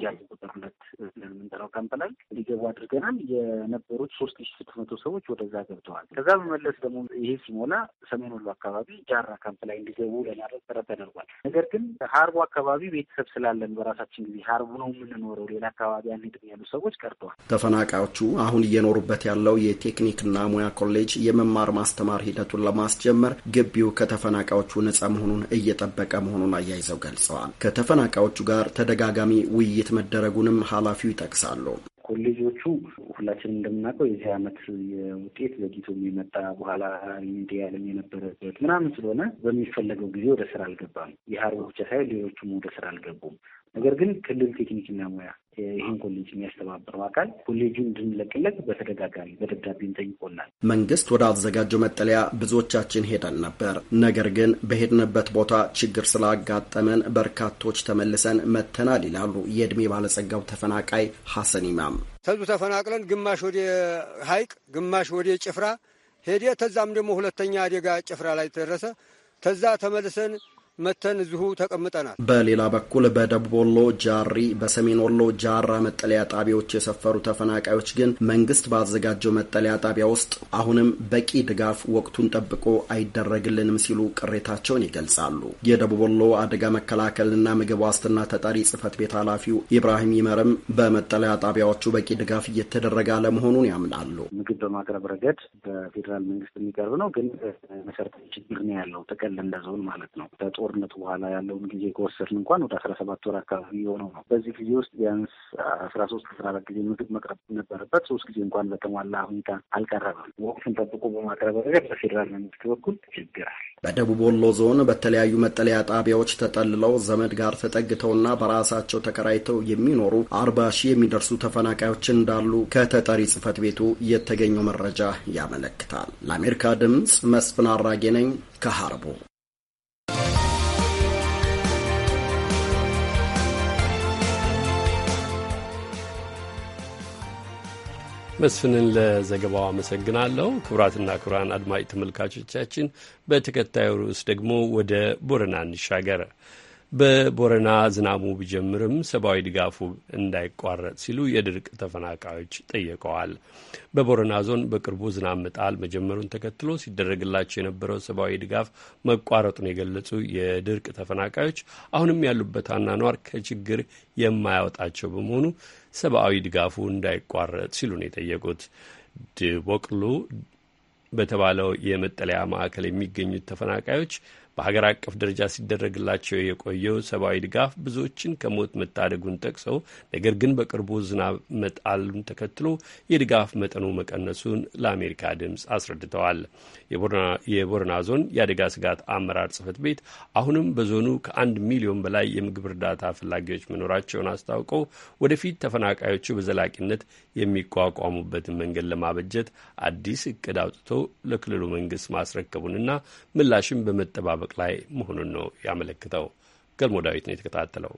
ጃዝ ቁጥር ሁለት ብለን የምንጠራው ካምፕ ላይ እንዲገቡ አድርገናል። የነበሩት ሶስት ሺ ስድስት መቶ ሰዎች ወደዛ ገብተዋል። ከዛ በመለስ ደግሞ ይሄ ሲሞላ ሰሜን ወሎ አካባቢ ጃራ ካምፕ ላይ እንዲገቡ ለማድረግ ጥረት ተደርጓል። ነገር ግን ሀርቡ አካባቢ ቤተሰብ ስላለን በራሳችን ጊዜ ሀርቡ ነው የምንኖረው፣ ሌላ አካባቢ አንሄድም ያሉ ሰዎች ቀርተዋል። ተፈናቃዮቹ አሁን እየኖሩበት ያለው የቴክኒክና ሙያ ኮሌጅ የመማር ማስተማር ሂደቱን ለማስጀመር ግቢው ከተፈናቃዮቹ ነጻ መሆኑን እየጠበቀ መሆኑን አያይዘው መሆናቸው ገልጸዋል። ከተፈናቃዮቹ ጋር ተደጋጋሚ ውይይት መደረጉንም ኃላፊው ይጠቅሳሉ። ኮሌጆቹ ሁላችንም እንደምናውቀው የዚህ ዓመት የውጤት ዘግይቶ የመጣ በኋላ ሚዲያ የነበረበት ምናምን ስለሆነ በሚፈለገው ጊዜ ወደ ስራ አልገባም። የሀርቦ ብቻ ሳይሆን ሌሎቹም ወደ ስራ አልገቡም። ነገር ግን ክልል ቴክኒክና ሙያ ይህን ኮሌጅ የሚያስተባብረው አካል ኮሌጁ እንድንለቅለት በተደጋጋሚ በደብዳቤ ጠይቆናል። መንግስት ወደ አዘጋጀው መጠለያ ብዙዎቻችን ሄደን ነበር። ነገር ግን በሄድንበት ቦታ ችግር ስላጋጠመን በርካቶች ተመልሰን መተናል ይላሉ የእድሜ ባለጸጋው ተፈናቃይ ሐሰን ኢማም። ተዙ ተፈናቅለን ግማሽ ወደ ሀይቅ ግማሽ ወደ ጭፍራ ሄደ። ተዛም ደግሞ ሁለተኛ አደጋ ጭፍራ ላይ ተደረሰ። ተዛ ተመልሰን መተን እዚሁ ተቀምጠናል። በሌላ በኩል በደቡብ ወሎ ጃሪ፣ በሰሜን ወሎ ጃራ መጠለያ ጣቢያዎች የሰፈሩ ተፈናቃዮች ግን መንግስት ባዘጋጀው መጠለያ ጣቢያ ውስጥ አሁንም በቂ ድጋፍ ወቅቱን ጠብቆ አይደረግልንም ሲሉ ቅሬታቸውን ይገልጻሉ። የደቡብ ወሎ አደጋ መከላከልና ምግብ ዋስትና ተጠሪ ጽህፈት ቤት ኃላፊው ኢብራሂም ይመርም በመጠለያ ጣቢያዎቹ በቂ ድጋፍ እየተደረገ አለመሆኑን ያምናሉ። ምግብ በማቅረብ ረገድ በፌዴራል መንግስት የሚቀርብ ነው፣ ግን መሰረታዊ ችግር ነው ያለው ጥቅል እንደዞን ማለት ነው ከጦርነቱ በኋላ ያለውን ጊዜ ከወሰድን እንኳን ወደ አስራ ሰባት ወር አካባቢ የሆነው ነው። በዚህ ጊዜ ውስጥ ቢያንስ አስራ ሶስት አስራ አራት ጊዜ ምግብ መቅረብ ነበረበት። ሶስት ጊዜ እንኳን በተሟላ ሁኔታ አልቀረበም። ወቅቱን ጠብቆ በማቅረብ ረገድ በፌዴራል መንግስት በኩል ችግራል። በደቡብ ወሎ ዞን በተለያዩ መጠለያ ጣቢያዎች ተጠልለው ዘመድ ጋር ተጠግተውና በራሳቸው ተከራይተው የሚኖሩ አርባ ሺህ የሚደርሱ ተፈናቃዮች እንዳሉ ከተጠሪ ጽህፈት ቤቱ የተገኘው መረጃ ያመለክታል። ለአሜሪካ ድምፅ መስፍን አራጌ ነኝ ከሐርቦ መስፍንን ለዘገባው አመሰግናለሁ። ክቡራትና ክቡራን አድማጭ ተመልካቾቻችን በተከታዩ ርዕስ ደግሞ ወደ ቦረና እንሻገር። በቦረና ዝናሙ ቢጀምርም ሰብአዊ ድጋፉ እንዳይቋረጥ ሲሉ የድርቅ ተፈናቃዮች ጠይቀዋል። በቦረና ዞን በቅርቡ ዝናብ መጣል መጀመሩን ተከትሎ ሲደረግላቸው የነበረው ሰብአዊ ድጋፍ መቋረጡን የገለጹ የድርቅ ተፈናቃዮች አሁንም ያሉበት አኗኗር ከችግር የማያወጣቸው በመሆኑ ሰብአዊ ድጋፉ እንዳይቋረጥ ሲሉ ነው የጠየቁት። ድቦቅሉ በተባለው የመጠለያ ማዕከል የሚገኙት ተፈናቃዮች በሀገር አቀፍ ደረጃ ሲደረግላቸው የቆየው ሰብአዊ ድጋፍ ብዙዎችን ከሞት መታደጉን ጠቅሰው ነገር ግን በቅርቡ ዝናብ መጣሉን ተከትሎ የድጋፍ መጠኑ መቀነሱን ለአሜሪካ ድምፅ አስረድተዋል። የቦረና ዞን የአደጋ ስጋት አመራር ጽህፈት ቤት አሁንም በዞኑ ከአንድ ሚሊዮን በላይ የምግብ እርዳታ ፈላጊዎች መኖራቸውን አስታውቀው ወደፊት ተፈናቃዮቹ በዘላቂነት የሚቋቋሙበትን መንገድ ለማበጀት አዲስ እቅድ አውጥቶ ለክልሉ መንግስት ማስረከቡንና ምላሽም በመጠባበቅ በመጠባበቅ ላይ መሆኑን ነው ያመለክተው። ገልሞ ዳዊት ነው የተከታተለው።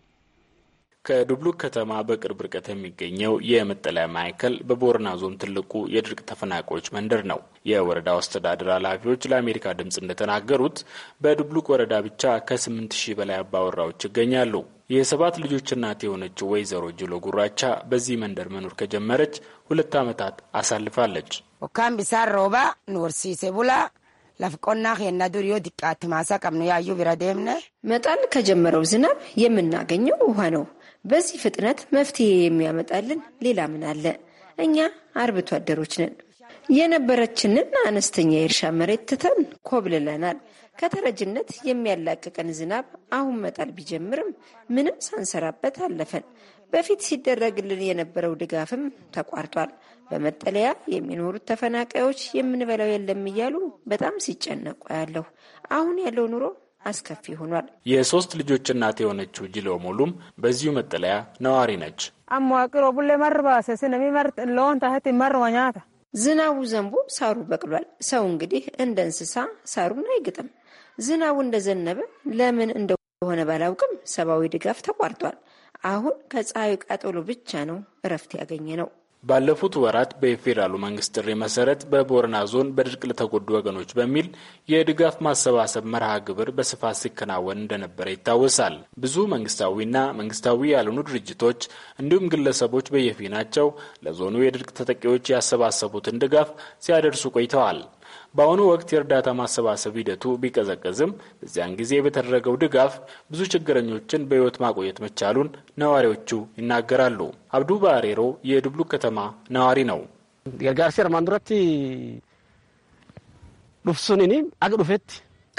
ከዱብሉቅ ከተማ በቅርብ ርቀት የሚገኘው የመጠለያ ማዕከል በቦረና ዞን ትልቁ የድርቅ ተፈናቃዮች መንደር ነው። የወረዳው አስተዳደር ኃላፊዎች ለአሜሪካ ድምፅ እንደተናገሩት በዱብሉቅ ወረዳ ብቻ 8 ሺህ በላይ አባወራዎች ይገኛሉ። የሰባት ልጆች እናት የሆነችው ወይዘሮ ጅሎ ጉራቻ በዚህ መንደር መኖር ከጀመረች ሁለት ዓመታት አሳልፋለች። ኦካምቢሳን ሮባ ኖርሲሴ ቡላ ለፍ qonnaa keenya durii yoo xiqqaatti maasaa qabnu መጣል ከጀመረው ዝናብ የምናገኘው ውሃ ነው። በዚህ ፍጥነት መፍትሄ የሚያመጣልን ሌላ ምን አለ? እኛ አርብቶ አደሮች ነን። የነበረችንን አነስተኛ የእርሻ መሬት ትተን ኮብልለናል። ከተረጅነት የሚያላቅቀን ዝናብ አሁን መጣል ቢጀምርም ምንም ሳንሰራበት አለፈን። በፊት ሲደረግልን የነበረው ድጋፍም ተቋርጧል። በመጠለያ የሚኖሩት ተፈናቃዮች የምንበላው የለም እያሉ በጣም ሲጨነቁ ያለሁ። አሁን ያለው ኑሮ አስከፊ ሆኗል። የሶስት ልጆች እናት የሆነችው ጅሎ ሞሉም በዚሁ መጠለያ ነዋሪ ነች። አሟቅሮ ቡሌ መርባሰ ስነሚመርጥ ለሆን ታህት መርዋኛታ ዝናቡ ዘንቦ ሳሩ በቅሏል። ሰው እንግዲህ እንደ እንስሳ ሳሩን አይግጥም። ዝናቡ እንደዘነበ ለምን እንደሆነ ባላውቅም ሰብአዊ ድጋፍ ተቋርጧል። አሁን ከፀሐዩ ቃጠሎ ብቻ ነው እረፍት ያገኘ ነው። ባለፉት ወራት በፌዴራሉ መንግስት ጥሪ መሰረት በቦረና ዞን በድርቅ ለተጎዱ ወገኖች በሚል የድጋፍ ማሰባሰብ መርሃ ግብር በስፋት ሲከናወን እንደነበረ ይታወሳል። ብዙ መንግስታዊና መንግስታዊ ያልሆኑ ድርጅቶች እንዲሁም ግለሰቦች በየፊናቸው ለዞኑ የድርቅ ተጠቂዎች ያሰባሰቡትን ድጋፍ ሲያደርሱ ቆይተዋል። በአሁኑ ወቅት የእርዳታ ማሰባሰብ ሂደቱ ቢቀዘቀዝም በዚያን ጊዜ በተደረገው ድጋፍ ብዙ ችግረኞችን በሕይወት ማቆየት መቻሉን ነዋሪዎቹ ይናገራሉ። አብዱ ባሬሮ የድብሉ ከተማ ነዋሪ ነው። አቅዱፌት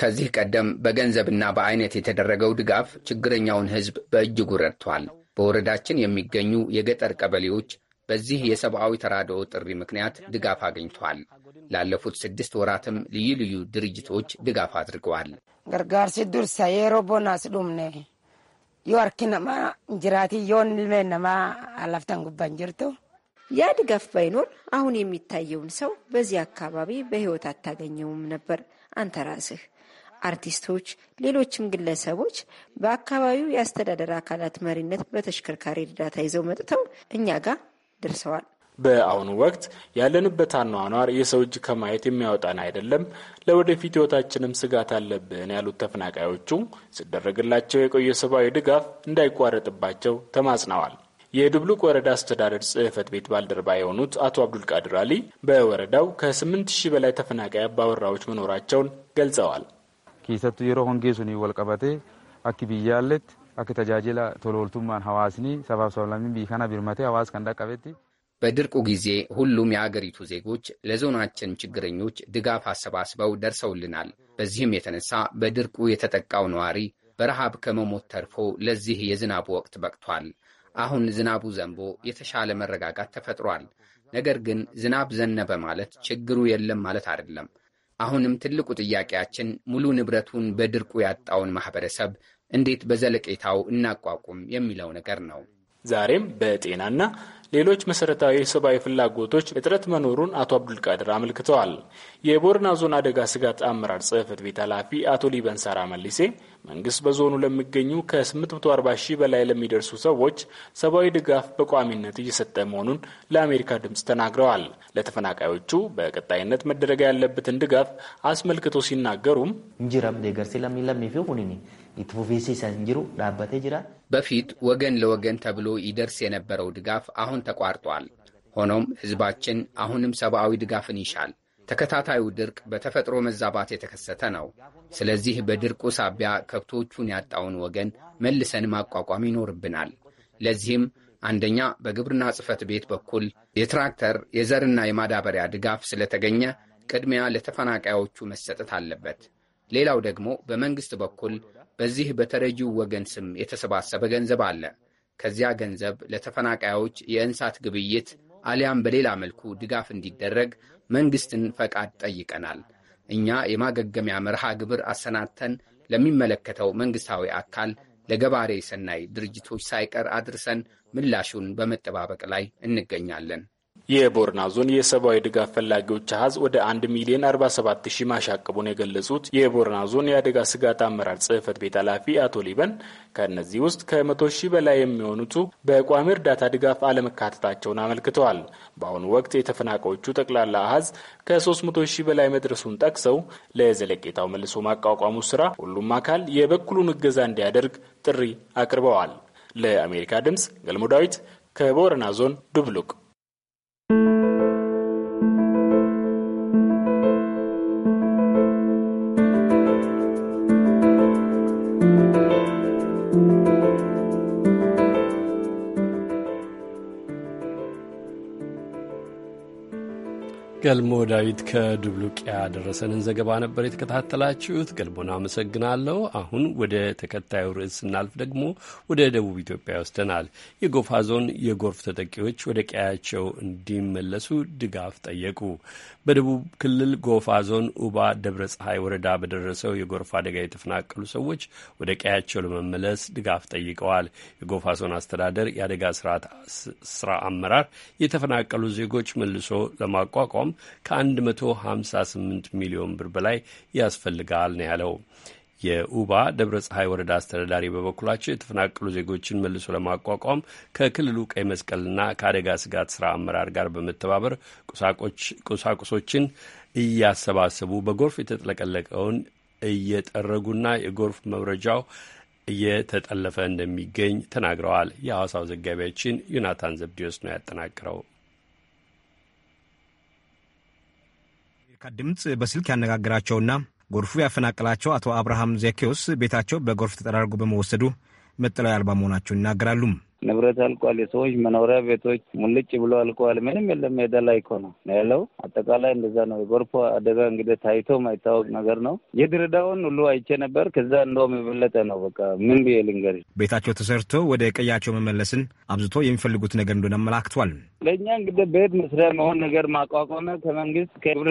ከዚህ ቀደም በገንዘብና በአይነት የተደረገው ድጋፍ ችግረኛውን ሕዝብ በእጅጉ ረድቷል። በወረዳችን የሚገኙ የገጠር ቀበሌዎች በዚህ የሰብአዊ ተራድኦ ጥሪ ምክንያት ድጋፍ አግኝቷል። ላለፉት ስድስት ወራትም ልዩ ልዩ ድርጅቶች ድጋፍ አድርገዋል። ገርጋርሲ ዱርሳ የሮ ቦናስ ዮርኪነማ እንጅራቲ ዮን ልሜነማ አላፍተን ጉባን ጅርቱ ያ ድጋፍ ባይኖር አሁን የሚታየውን ሰው በዚህ አካባቢ በህይወት አታገኘውም ነበር። አንተ ራስህ አርቲስቶች፣ ሌሎችም ግለሰቦች በአካባቢው የአስተዳደር አካላት መሪነት በተሽከርካሪ እርዳታ ይዘው መጥተው እኛ ጋር ደርሰዋል። በአሁኑ ወቅት ያለንበት አኗኗር የሰው እጅ ከማየት የሚያወጣን አይደለም፣ ለወደፊት ህይወታችንም ስጋት አለብን ያሉት ተፈናቃዮቹ ሲደረግላቸው የቆየ ሰብአዊ ድጋፍ እንዳይቋረጥባቸው ተማጽነዋል። የድብሉቅ ወረዳ አስተዳደር ጽህፈት ቤት ባልደረባ የሆኑት አቶ አብዱልቃድር አሊ በወረዳው 8 ሺህ በላይ ተፈናቃይ አባወራዎች መኖራቸውን ገልጸዋል። ኪሰቱ የሮ ሆንጌሱን ወልቀበቴ አኪ ብያለት አኪ ተጃጅላ ቶሎልቱማን ሀዋስኒ ሰባብ ሰብላሚ ቢርመቴ ሀዋስ ከንዳቀቤቲ በድርቁ ጊዜ ሁሉም የአገሪቱ ዜጎች ለዞናችን ችግረኞች ድጋፍ አሰባስበው ደርሰውልናል። በዚህም የተነሳ በድርቁ የተጠቃው ነዋሪ በረሃብ ከመሞት ተርፎ ለዚህ የዝናቡ ወቅት በቅቷል። አሁን ዝናቡ ዘንቦ የተሻለ መረጋጋት ተፈጥሯል። ነገር ግን ዝናብ ዘነበ ማለት ችግሩ የለም ማለት አይደለም። አሁንም ትልቁ ጥያቄያችን ሙሉ ንብረቱን በድርቁ ያጣውን ማህበረሰብ እንዴት በዘለቄታው እናቋቁም የሚለው ነገር ነው። ዛሬም በጤናና ሌሎች መሰረታዊ የሰብአዊ ፍላጎቶች እጥረት መኖሩን አቶ አብዱልቃድር አመልክተዋል። የቦረና ዞን አደጋ ስጋት አመራር ጽህፈት ቤት ኃላፊ አቶ ሊበንሳራ መሊሴ መንግስት በዞኑ ለሚገኙ ከ840 ሺህ በላይ ለሚደርሱ ሰዎች ሰብአዊ ድጋፍ በቋሚነት እየሰጠ መሆኑን ለአሜሪካ ድምፅ ተናግረዋል። ለተፈናቃዮቹ በቀጣይነት መደረግ ያለበትን ድጋፍ አስመልክቶ ሲናገሩም እንጂ በፊት ወገን ለወገን ተብሎ ይደርስ የነበረው ድጋፍ አሁን ተቋርጧል። ሆኖም ህዝባችን አሁንም ሰብአዊ ድጋፍን ይሻል። ተከታታዩ ድርቅ በተፈጥሮ መዛባት የተከሰተ ነው። ስለዚህ በድርቁ ሳቢያ ከብቶቹን ያጣውን ወገን መልሰን ማቋቋም ይኖርብናል። ለዚህም አንደኛ በግብርና ጽህፈት ቤት በኩል የትራክተር የዘርና የማዳበሪያ ድጋፍ ስለተገኘ ቅድሚያ ለተፈናቃዮቹ መሰጠት አለበት። ሌላው ደግሞ በመንግሥት በኩል በዚህ በተረጂው ወገን ስም የተሰባሰበ ገንዘብ አለ። ከዚያ ገንዘብ ለተፈናቃዮች የእንስሳት ግብይት አሊያም በሌላ መልኩ ድጋፍ እንዲደረግ መንግስትን ፈቃድ ጠይቀናል። እኛ የማገገሚያ መርሃ ግብር አሰናድተን ለሚመለከተው መንግስታዊ አካል ለገባሬ ሰናይ ድርጅቶች ሳይቀር አድርሰን ምላሹን በመጠባበቅ ላይ እንገኛለን። የቦርና ዞን የሰብአዊ ድጋፍ ፈላጊዎች አሀዝ ወደ 1 ሚሊዮን 47 ሺህ ማሻቀቡን የገለጹት የቦርና ዞን የአደጋ ስጋት አመራር ጽህፈት ቤት ኃላፊ አቶ ሊበን ከእነዚህ ውስጥ ከመቶ ሺህ በላይ የሚሆኑቱ በቋሚ እርዳታ ድጋፍ አለመካተታቸውን አመልክተዋል። በአሁኑ ወቅት የተፈናቃዮቹ ጠቅላላ አሀዝ ከ300 ሺህ በላይ መድረሱን ጠቅሰው ለዘለቄታው መልሶ ማቋቋሙ ስራ ሁሉም አካል የበኩሉን እገዛ እንዲያደርግ ጥሪ አቅርበዋል። ለአሜሪካ ድምፅ ገልሞ ዳዊት ከቦረና ዞን ዱብሉቅ ገልሞ ዳዊት ከዱብሉቅያ ያደረሰንን ዘገባ ነበር የተከታተላችሁት። ገልሞን አመሰግናለሁ። አሁን ወደ ተከታዩ ርዕስ ስናልፍ ደግሞ ወደ ደቡብ ኢትዮጵያ ይወስደናል። የጎፋ ዞን የጎርፍ ተጠቂዎች ወደ ቀያቸው እንዲመለሱ ድጋፍ ጠየቁ። በደቡብ ክልል ጎፋ ዞን ኡባ ደብረ ፀሐይ ወረዳ በደረሰው የጎርፍ አደጋ የተፈናቀሉ ሰዎች ወደ ቀያቸው ለመመለስ ድጋፍ ጠይቀዋል። የጎፋ ዞን አስተዳደር የአደጋ ስራ አመራር የተፈናቀሉ ዜጎች መልሶ ለማቋቋም ከ158 ሚሊዮን ብር በላይ ያስፈልጋል ነው ያለው። የኡባ ደብረ ፀሐይ ወረዳ አስተዳዳሪ በበኩላቸው የተፈናቀሉ ዜጎችን መልሶ ለማቋቋም ከክልሉ ቀይ መስቀልና ከአደጋ ስጋት ስራ አመራር ጋር በመተባበር ቁሳቁሶችን እያሰባሰቡ በጎርፍ የተጥለቀለቀውን እየጠረጉና የጎርፍ መብረጃው እየተጠለፈ እንደሚገኝ ተናግረዋል። የሐዋሳው ዘጋቢያችን ዮናታን ዘብዲዮስ ነው ያጠናቅረው። ከአሜሪካ ድምፅ በስልክ ያነጋግራቸውና ጎርፉ ያፈናቀላቸው አቶ አብርሃም ዘኬዎስ ቤታቸው በጎርፍ ተጠራርጎ በመወሰዱ መጠለያ አልባ መሆናቸውን ይናገራሉ። ንብረት አልቋል። የሰዎች መኖሪያ ቤቶች ሙልጭ ብሎ አልቋል። ምንም የለም። ሜዳ ላይ እኮ ነው ያለው። አጠቃላይ እንደዛ ነው። የጎርፎ አደጋ እንግዲህ ታይቶ ማይታወቅ ነገር ነው። የድሬዳውን ሁሉ አይቼ ነበር። ከዛ እንደውም የበለጠ ነው። በቃ ምን ብዬ ልንገርሽ። ቤታቸው ተሰርቶ ወደ ቀያቸው መመለስን አብዝቶ የሚፈልጉት ነገር እንደሆነ አመላክቷል። ለእኛ እንግዲህ ቤት መስሪያ መሆን ነገር ማቋቋመ ከመንግስት ከግብረ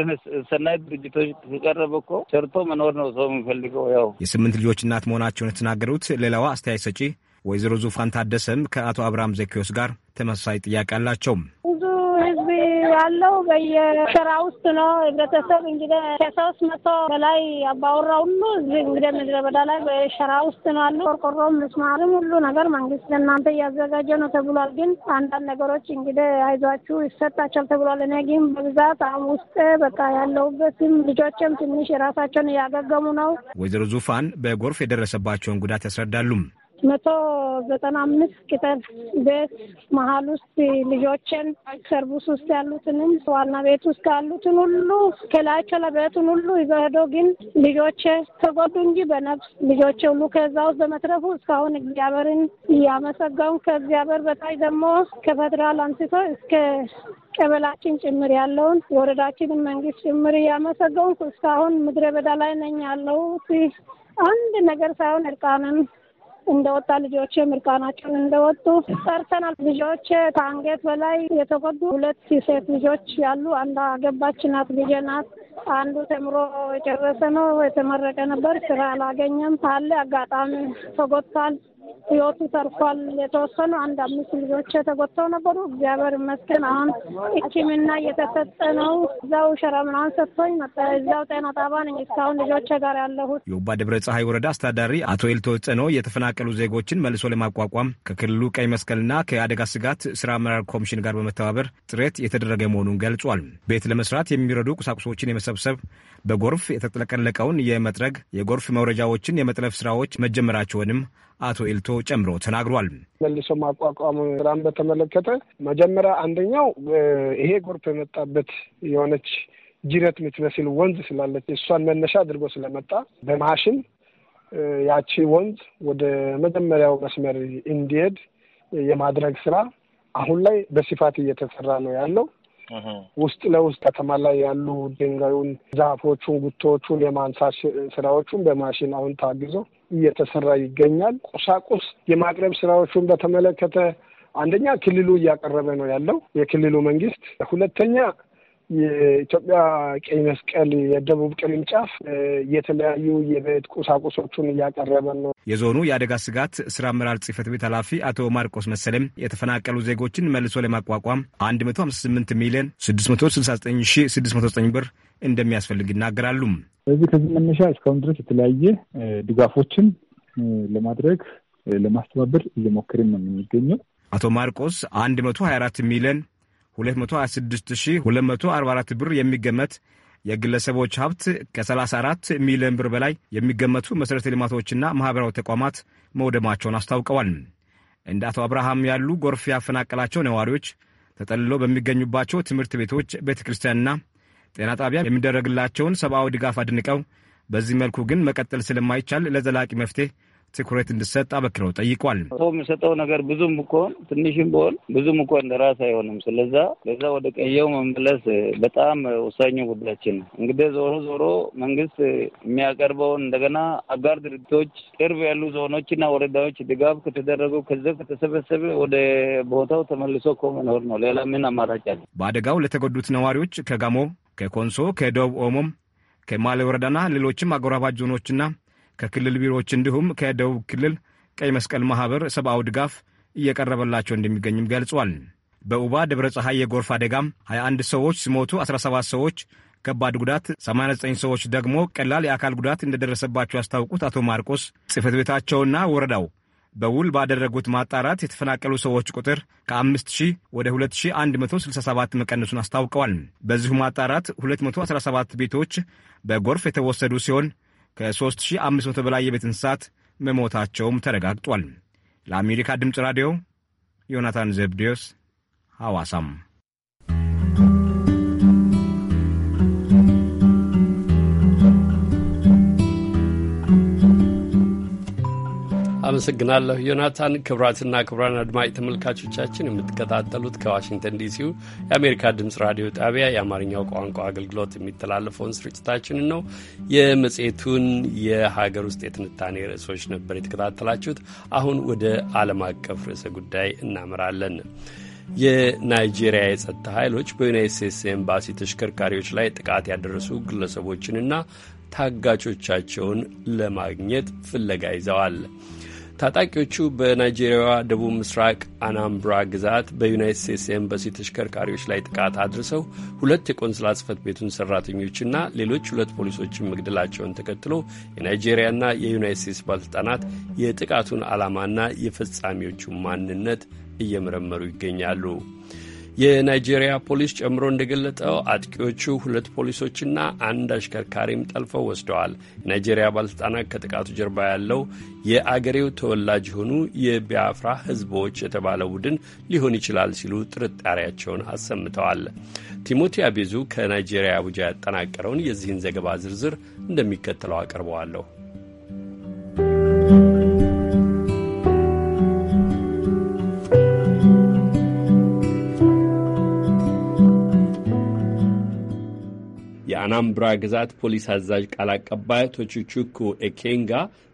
ሰናይ ድርጅቶች ከቀረበ እኮ ሰርቶ መኖር ነው ሰው የሚፈልገው። ያው የስምንት ልጆች እናት መሆናቸውን የተናገሩት ሌላዋ አስተያየት ሰጪ ወይዘሮ ዙፋን ታደሰም ከአቶ አብርሃም ዘኪዎስ ጋር ተመሳሳይ ጥያቄ አላቸው። ብዙ ህዝብ ያለው በየሸራ ውስጥ ነው። ህብረተሰብ እንግዲህ ከሶስት መቶ በላይ አባወራ ሁሉ ህዝብ እንግዲህ ምድረ በዳ ላይ በሸራ ውስጥ ነው ያለው። ቆርቆሮም፣ ምስማርም ሁሉ ነገር መንግስት ለእናንተ እያዘጋጀ ነው ተብሏል። ግን አንዳንድ ነገሮች እንግዲህ አይዟችሁ ይሰጣቸዋል ተብሏል። እኔ ግን በብዛት አሁን ውስጥ በቃ ያለሁበትም ልጆችም ትንሽ የራሳቸውን እያገገሙ ነው። ወይዘሮ ዙፋን በጎርፍ የደረሰባቸውን ጉዳት ያስረዳሉ። መቶ ዘጠና አምስት ቅጥር ቤት መሀል ውስጥ ልጆችን ሰርቡስ ውስጥ ያሉትንም ዋና ቤት ውስጥ ያሉትን ሁሉ ከላያቸው ለቤቱን ሁሉ ይዞ ሄዶ ግን ልጆች ተጎዱ እንጂ በነፍስ ልጆች ሁሉ ከዛ ውስጥ በመትረፉ እስካሁን እግዚአብሔርን እያመሰገኑ ከእግዚአብሔር በታች ደግሞ ከፌደራል አንስቶ እስከ ቀበላችን ጭምር ያለውን ወረዳችንን መንግስት ጭምር እያመሰገንኩ እስካሁን ምድረ በዳ ላይ ነኝ ያለሁት። አንድ ነገር ሳይሆን እርቃንን እንደወጣ ልጆቼ ምርቃናቸውን እንደወጡ ጠርተናል። ልጆቼ ከአንገት በላይ የተጎዱ ሁለት ሴት ልጆች ያሉ አንዷ አገባች ናት ልጄ ናት። አንዱ ተምሮ የጨረሰ ነው የተመረቀ ነበር። ስራ አላገኘም አለ አጋጣሚ ተጎድቷል። ህይወቱ ተርፏል። የተወሰኑ አንድ አምስት ልጆች የተጎተው ነበሩ። እግዚአብሔር ይመስገን አሁን ሕክምና እየተሰጠ ነው። እዛው ሸራ ምናምን ሰጥቶኝ መጣ። እዛው ጤና ጣባ ነኝ እስካሁን ልጆች ጋር ያለሁት። የኡባ ደብረ ፀሐይ ወረዳ አስተዳዳሪ አቶ ኤልቶ ጽኖ የተፈናቀሉ ዜጎችን መልሶ ለማቋቋም ከክልሉ ቀይ መስቀልና ከአደጋ ስጋት ስራ አመራር ኮሚሽን ጋር በመተባበር ጥረት የተደረገ መሆኑን ገልጿል። ቤት ለመስራት የሚረዱ ቁሳቁሶችን የመሰብሰብ በጎርፍ የተጥለቀለቀውን የመጥረግ የጎርፍ መውረጃዎችን የመጥለፍ ስራዎች መጀመራቸውንም አቶ ኤልቶ ጨምሮ ተናግሯል። መልሶ ማቋቋም ስራን በተመለከተ መጀመሪያ አንደኛው ይሄ ጎርፍ የመጣበት የሆነች ጅረት የምትመስል ወንዝ ስላለች እሷን መነሻ አድርጎ ስለመጣ በማሽን ያቺ ወንዝ ወደ መጀመሪያው መስመር እንዲሄድ የማድረግ ስራ አሁን ላይ በስፋት እየተሰራ ነው ያለው። ውስጥ ለውስጥ ከተማ ላይ ያሉ ድንጋዩን፣ ዛፎቹን፣ ጉቶዎቹን የማንሳት ስራዎቹን በማሽን አሁን ታግዞ እየተሰራ ይገኛል። ቁሳቁስ የማቅረብ ስራዎቹን በተመለከተ አንደኛ ክልሉ እያቀረበ ነው ያለው የክልሉ መንግስት፣ ሁለተኛ የኢትዮጵያ ቀይ መስቀል የደቡብ ቅርንጫፍ የተለያዩ የቤት ቁሳቁሶቹን እያቀረበን ነው። የዞኑ የአደጋ ስጋት ስራ አመራር ጽህፈት ቤት ኃላፊ አቶ ማርቆስ መሰለም የተፈናቀሉ ዜጎችን መልሶ ለማቋቋም 158 ሚሊዮን 669609 ብር እንደሚያስፈልግ ይናገራሉ። ስለዚህ ከዚህ መነሻ እስካሁን ድረስ የተለያየ ድጋፎችን ለማድረግ ለማስተባበር እየሞከርን ነው የምንገኘው። አቶ ማርቆስ 124 ሚሊዮን 226,244 ብር የሚገመት የግለሰቦች ሀብት ከ34 ሚሊዮን ብር በላይ የሚገመቱ መሠረተ ልማቶችና ማኅበራዊ ተቋማት መውደማቸውን አስታውቀዋል። እንደ አቶ አብርሃም ያሉ ጎርፍ ያፈናቀላቸው ነዋሪዎች ተጠልሎ በሚገኙባቸው ትምህርት ቤቶች፣ ቤተ ክርስቲያንና ጤና ጣቢያ የሚደረግላቸውን ሰብአዊ ድጋፍ አድንቀው በዚህ መልኩ ግን መቀጠል ስለማይቻል ለዘላቂ መፍትሄ ትኩረት እንድሰጥ አበክረው ጠይቋል። ሰው የሚሰጠው ነገር ብዙም እኮ ትንሽም ቢሆን ብዙም እኮ እንደ ራስ አይሆንም። ስለዛ ለዛ ወደ ቀየው መመለስ በጣም ወሳኙ ጉዳያችን ነው። እንግዲህ ዞሮ ዞሮ መንግስት የሚያቀርበውን እንደገና አጋር ድርጅቶች፣ ቅርብ ያሉ ዞኖችና ወረዳዎች ድጋፍ ከተደረጉ ከዚያ ከተሰበሰበ ወደ ቦታው ተመልሶ እኮ መኖር ነው። ሌላ ምን አማራጭ አለ? በአደጋው ለተጎዱት ነዋሪዎች ከጋሞ፣ ከኮንሶ፣ ከደቡብ ኦሞም፣ ከማሌ ወረዳና ሌሎችም አጎራባጅ ዞኖችና ከክልል ቢሮዎች እንዲሁም ከደቡብ ክልል ቀይ መስቀል ማኅበር ሰብአዊ ድጋፍ እየቀረበላቸው እንደሚገኝም ገልጿል። በኡባ ደብረ ፀሐይ የጎርፍ አደጋም 21 ሰዎች ሲሞቱ 17 ሰዎች ከባድ ጉዳት 89 ሰዎች ደግሞ ቀላል የአካል ጉዳት እንደደረሰባቸው ያስታውቁት አቶ ማርቆስ ጽህፈት ቤታቸውና ወረዳው በውል ባደረጉት ማጣራት የተፈናቀሉ ሰዎች ቁጥር ከ5000 ወደ 2167 መቀነሱን አስታውቀዋል። በዚሁ ማጣራት 217 ቤቶች በጎርፍ የተወሰዱ ሲሆን ከ3500 በላይ የቤት እንስሳት መሞታቸውም ተረጋግጧል። ለአሜሪካ ድምፅ ራዲዮ ዮናታን ዘብዴዎስ ሐዋሳም አመሰግናለሁ ዮናታን። ክብራትና ክብራን አድማጭ ተመልካቾቻችን የምትከታተሉት ከዋሽንግተን ዲሲው የአሜሪካ ድምፅ ራዲዮ ጣቢያ የአማርኛው ቋንቋ አገልግሎት የሚተላለፈውን ስርጭታችንን ነው። የመጽሔቱን የሀገር ውስጥ የትንታኔ ርዕሶች ነበር የተከታተላችሁት። አሁን ወደ ዓለም አቀፍ ርዕሰ ጉዳይ እናመራለን። የናይጄሪያ የጸጥታ ኃይሎች በዩናይት ስቴትስ ኤምባሲ ተሽከርካሪዎች ላይ ጥቃት ያደረሱ ግለሰቦችንና ታጋቾቻቸውን ለማግኘት ፍለጋ ይዘዋል። ታጣቂዎቹ በናይጄሪያዋ ደቡብ ምስራቅ አናምብራ ግዛት በዩናይት ስቴትስ ኤምባሲ ተሽከርካሪዎች ላይ ጥቃት አድርሰው ሁለት የቆንስላ ጽፈት ቤቱን ሰራተኞችና ሌሎች ሁለት ፖሊሶችን መግደላቸውን ተከትሎ የናይጄሪያና የዩናይት ስቴትስ ባለሥልጣናት የጥቃቱን ዓላማና የፈጻሚዎቹን ማንነት እየመረመሩ ይገኛሉ። የናይጄሪያ ፖሊስ ጨምሮ እንደገለጠው አጥቂዎቹ ሁለት ፖሊሶችና አንድ አሽከርካሪም ጠልፈው ወስደዋል። የናይጄሪያ ባለሥልጣናት ከጥቃቱ ጀርባ ያለው የአገሬው ተወላጅ የሆኑ የቢያፍራ ሕዝቦች የተባለ ቡድን ሊሆን ይችላል ሲሉ ጥርጣሬያቸውን አሰምተዋል። ቲሞቲ አቤዙ ከናይጄሪያ አቡጃ ያጠናቀረውን የዚህን ዘገባ ዝርዝር እንደሚከተለው አቀርበዋለሁ። የአናምብራ ግዛት ፖሊስ አዛዥ ቃል አቀባይ ቶቹቹኩ ኤኬንጋ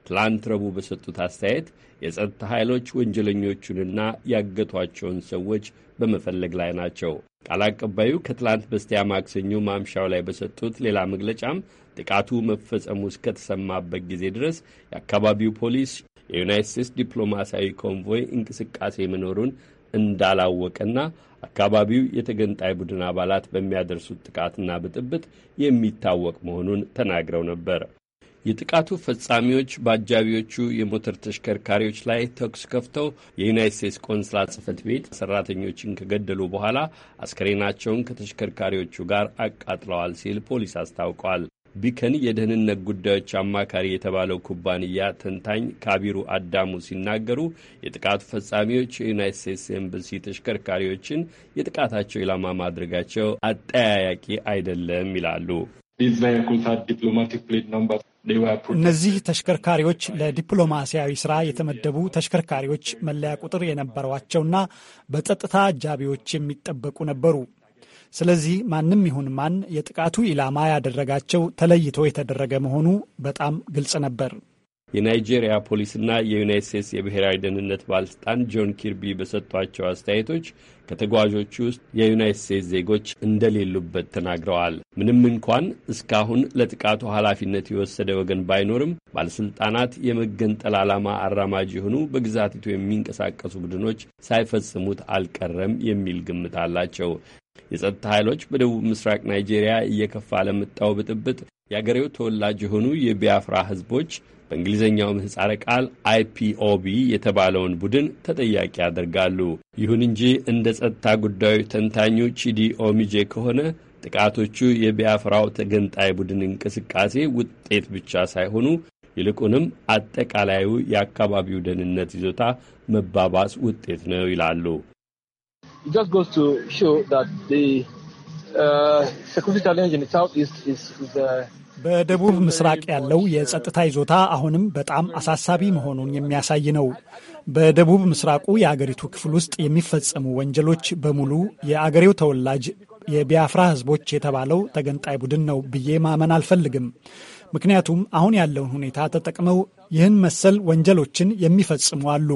ትላንት ረቡዕ በሰጡት አስተያየት የጸጥታ ኃይሎች ወንጀለኞቹንና ያገቷቸውን ሰዎች በመፈለግ ላይ ናቸው። ቃል አቀባዩ ከትላንት በስቲያ ማክሰኞ ማምሻው ላይ በሰጡት ሌላ መግለጫም ጥቃቱ መፈጸሙ እስከተሰማበት ጊዜ ድረስ የአካባቢው ፖሊስ የዩናይት ስቴትስ ዲፕሎማሲያዊ ኮንቮይ እንቅስቃሴ መኖሩን እንዳላወቀና አካባቢው የተገንጣይ ቡድን አባላት በሚያደርሱት ጥቃትና ብጥብጥ የሚታወቅ መሆኑን ተናግረው ነበር። የጥቃቱ ፈጻሚዎች በአጃቢዎቹ የሞተር ተሽከርካሪዎች ላይ ተኩስ ከፍተው የዩናይት ስቴትስ ቆንስላ ጽሕፈት ቤት ሰራተኞችን ከገደሉ በኋላ አስከሬናቸውን ከተሽከርካሪዎቹ ጋር አቃጥለዋል ሲል ፖሊስ አስታውቋል። ቢከን የደህንነት ጉዳዮች አማካሪ የተባለው ኩባንያ ተንታኝ ካቢሩ አዳሙ ሲናገሩ የጥቃቱ ፈጻሚዎች የዩናይት ስቴትስ ኤምበሲ ተሽከርካሪዎችን የጥቃታቸው ኢላማ ማድረጋቸው አጠያያቂ አይደለም ይላሉ። እነዚህ ተሽከርካሪዎች ለዲፕሎማሲያዊ ስራ የተመደቡ ተሽከርካሪዎች መለያ ቁጥር የነበሯቸውና በጸጥታ አጃቢዎች የሚጠበቁ ነበሩ። ስለዚህ ማንም ይሁን ማን የጥቃቱ ኢላማ ያደረጋቸው ተለይቶ የተደረገ መሆኑ በጣም ግልጽ ነበር። የናይጄሪያ ፖሊስና የዩናይት ስቴትስ የብሔራዊ ደህንነት ባለሥልጣን ጆን ኪርቢ በሰጧቸው አስተያየቶች ከተጓዦቹ ውስጥ የዩናይት ስቴትስ ዜጎች እንደሌሉበት ተናግረዋል። ምንም እንኳን እስካሁን ለጥቃቱ ኃላፊነት የወሰደ ወገን ባይኖርም ባለስልጣናት የመገንጠል ዓላማ አራማጅ የሆኑ በግዛቲቱ የሚንቀሳቀሱ ቡድኖች ሳይፈጽሙት አልቀረም የሚል ግምት አላቸው። የጸጥታ ኃይሎች በደቡብ ምስራቅ ናይጄሪያ እየከፋ ለመጣው ብጥብጥ የአገሬው ተወላጅ የሆኑ የቢያፍራ ህዝቦች በእንግሊዝኛው ምህፃረ ቃል አይፒኦቢ የተባለውን ቡድን ተጠያቂ ያደርጋሉ። ይሁን እንጂ እንደ ጸጥታ ጉዳዮች ተንታኙ ቺዲ ኦሚጄ ከሆነ ጥቃቶቹ የቢያፍራው ተገንጣይ ቡድን እንቅስቃሴ ውጤት ብቻ ሳይሆኑ ይልቁንም አጠቃላዩ የአካባቢው ደህንነት ይዞታ መባባስ ውጤት ነው ይላሉ። it just goes to show that the uh, security challenge in the southeast is, is uh, በደቡብ ምስራቅ ያለው የጸጥታ ይዞታ አሁንም በጣም አሳሳቢ መሆኑን የሚያሳይ ነው። በደቡብ ምስራቁ የአገሪቱ ክፍል ውስጥ የሚፈጸሙ ወንጀሎች በሙሉ የአገሬው ተወላጅ የቢያፍራ ሕዝቦች የተባለው ተገንጣይ ቡድን ነው ብዬ ማመን አልፈልግም። ምክንያቱም አሁን ያለውን ሁኔታ ተጠቅመው ይህን መሰል ወንጀሎችን የሚፈጽሙ አሉ።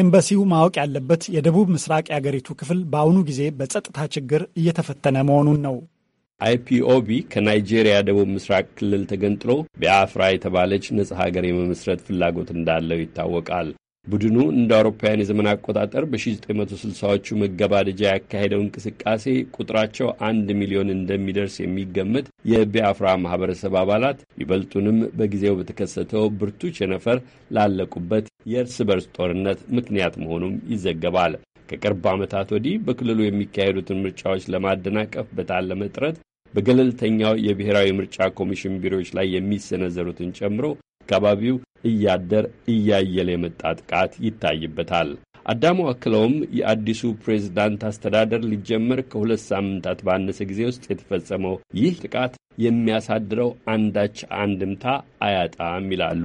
ኤምባሲው ማወቅ ያለበት የደቡብ ምስራቅ የአገሪቱ ክፍል በአሁኑ ጊዜ በጸጥታ ችግር እየተፈተነ መሆኑን ነው። አይፒኦቢ ከናይጄሪያ ደቡብ ምስራቅ ክልል ተገንጥሎ ቢያፍራ የተባለች ነጻ ሀገር የመመስረት ፍላጎት እንዳለው ይታወቃል። ቡድኑ እንደ አውሮፓውያን የዘመን አቆጣጠር በ1960ዎቹ መገባደጃ ያካሄደው እንቅስቃሴ ቁጥራቸው አንድ ሚሊዮን እንደሚደርስ የሚገምት የቢያፍራ ማህበረሰብ አባላት ይበልጡንም በጊዜው በተከሰተው ብርቱ ቸነፈር ላለቁበት የእርስ በርስ ጦርነት ምክንያት መሆኑም ይዘገባል። ከቅርብ ዓመታት ወዲህ በክልሉ የሚካሄዱትን ምርጫዎች ለማደናቀፍ በታለመ ጥረት በገለልተኛው የብሔራዊ ምርጫ ኮሚሽን ቢሮዎች ላይ የሚሰነዘሩትን ጨምሮ አካባቢው እያደር እያየለ የመጣ ጥቃት ይታይበታል። አዳሙ አክለውም የአዲሱ ፕሬዝዳንት አስተዳደር ሊጀመር ከሁለት ሳምንታት ባነሰ ጊዜ ውስጥ የተፈጸመው ይህ ጥቃት የሚያሳድረው አንዳች አንድምታ አያጣም ይላሉ።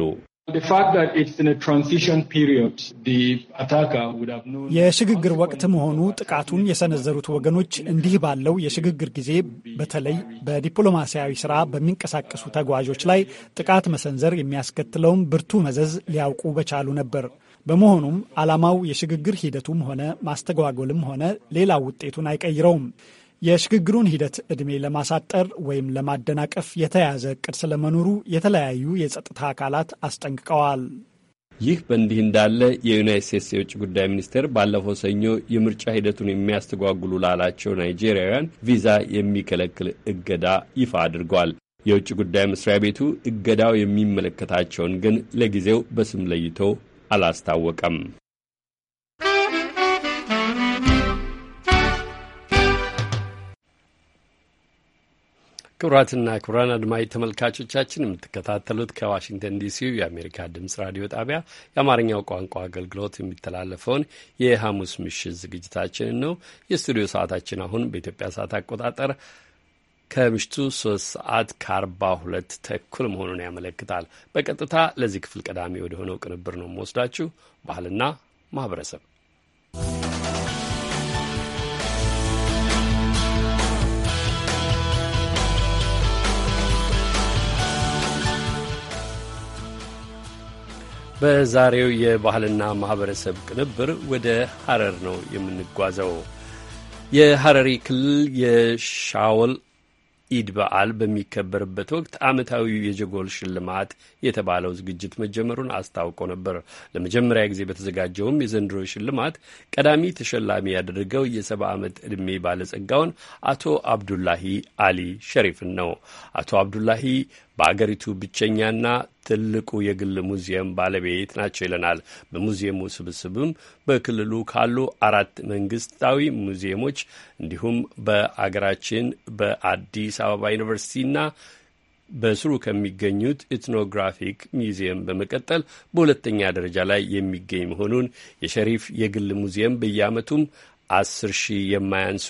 የሽግግር ወቅት መሆኑ ጥቃቱን የሰነዘሩት ወገኖች እንዲህ ባለው የሽግግር ጊዜ በተለይ በዲፕሎማሲያዊ ስራ በሚንቀሳቀሱ ተጓዦች ላይ ጥቃት መሰንዘር የሚያስከትለውን ብርቱ መዘዝ ሊያውቁ በቻሉ ነበር። በመሆኑም ዓላማው የሽግግር ሂደቱም ሆነ ማስተጓጎልም ሆነ ሌላ ውጤቱን አይቀይረውም። የሽግግሩን ሂደት ዕድሜ ለማሳጠር ወይም ለማደናቀፍ የተያዘ እቅድ ስለመኖሩ የተለያዩ የጸጥታ አካላት አስጠንቅቀዋል። ይህ በእንዲህ እንዳለ የዩናይት ስቴትስ የውጭ ጉዳይ ሚኒስቴር ባለፈው ሰኞ የምርጫ ሂደቱን የሚያስተጓጉሉ ላላቸው ናይጄሪያውያን ቪዛ የሚከለክል እገዳ ይፋ አድርጓል። የውጭ ጉዳይ መስሪያ ቤቱ እገዳው የሚመለከታቸውን ግን ለጊዜው በስም ለይቶ አላስታወቀም። ክቡራትና ክቡራን አድማጭ ተመልካቾቻችን የምትከታተሉት ከዋሽንግተን ዲሲው የአሜሪካ ድምጽ ራዲዮ ጣቢያ የአማርኛው ቋንቋ አገልግሎት የሚተላለፈውን የሐሙስ ምሽት ዝግጅታችንን ነው። የስቱዲዮ ሰዓታችን አሁን በኢትዮጵያ ሰዓት አቆጣጠር ከምሽቱ ሶስት ሰዓት ከአርባ ሁለት ተኩል መሆኑን ያመለክታል። በቀጥታ ለዚህ ክፍል ቀዳሚ ወደሆነው ቅንብር ነው የምወስዳችሁ ባህልና ማህበረሰብ በዛሬው የባህልና ማህበረሰብ ቅንብር ወደ ሐረር ነው የምንጓዘው። የሐረሪ ክልል የሻወል ኢድ በዓል በሚከበርበት ወቅት ዓመታዊ የጀጎል ሽልማት የተባለው ዝግጅት መጀመሩን አስታውቆ ነበር። ለመጀመሪያ ጊዜ በተዘጋጀውም የዘንድሮ ሽልማት ቀዳሚ ተሸላሚ ያደረገው የሰባ ዓመት ዕድሜ ባለጸጋውን አቶ አብዱላሂ አሊ ሸሪፍን ነው። አቶ አብዱላሂ በአገሪቱ ብቸኛና ትልቁ የግል ሙዚየም ባለቤት ናቸው ይለናል። በሙዚየሙ ስብስብም በክልሉ ካሉ አራት መንግስታዊ ሙዚየሞች እንዲሁም በአገራችን በአዲስ አበባ ዩኒቨርሲቲና በስሩ ከሚገኙት ኢትኖግራፊክ ሚዚየም በመቀጠል በሁለተኛ ደረጃ ላይ የሚገኝ መሆኑን የሸሪፍ የግል ሙዚየም በየአመቱም አስር ሺህ የማያንሱ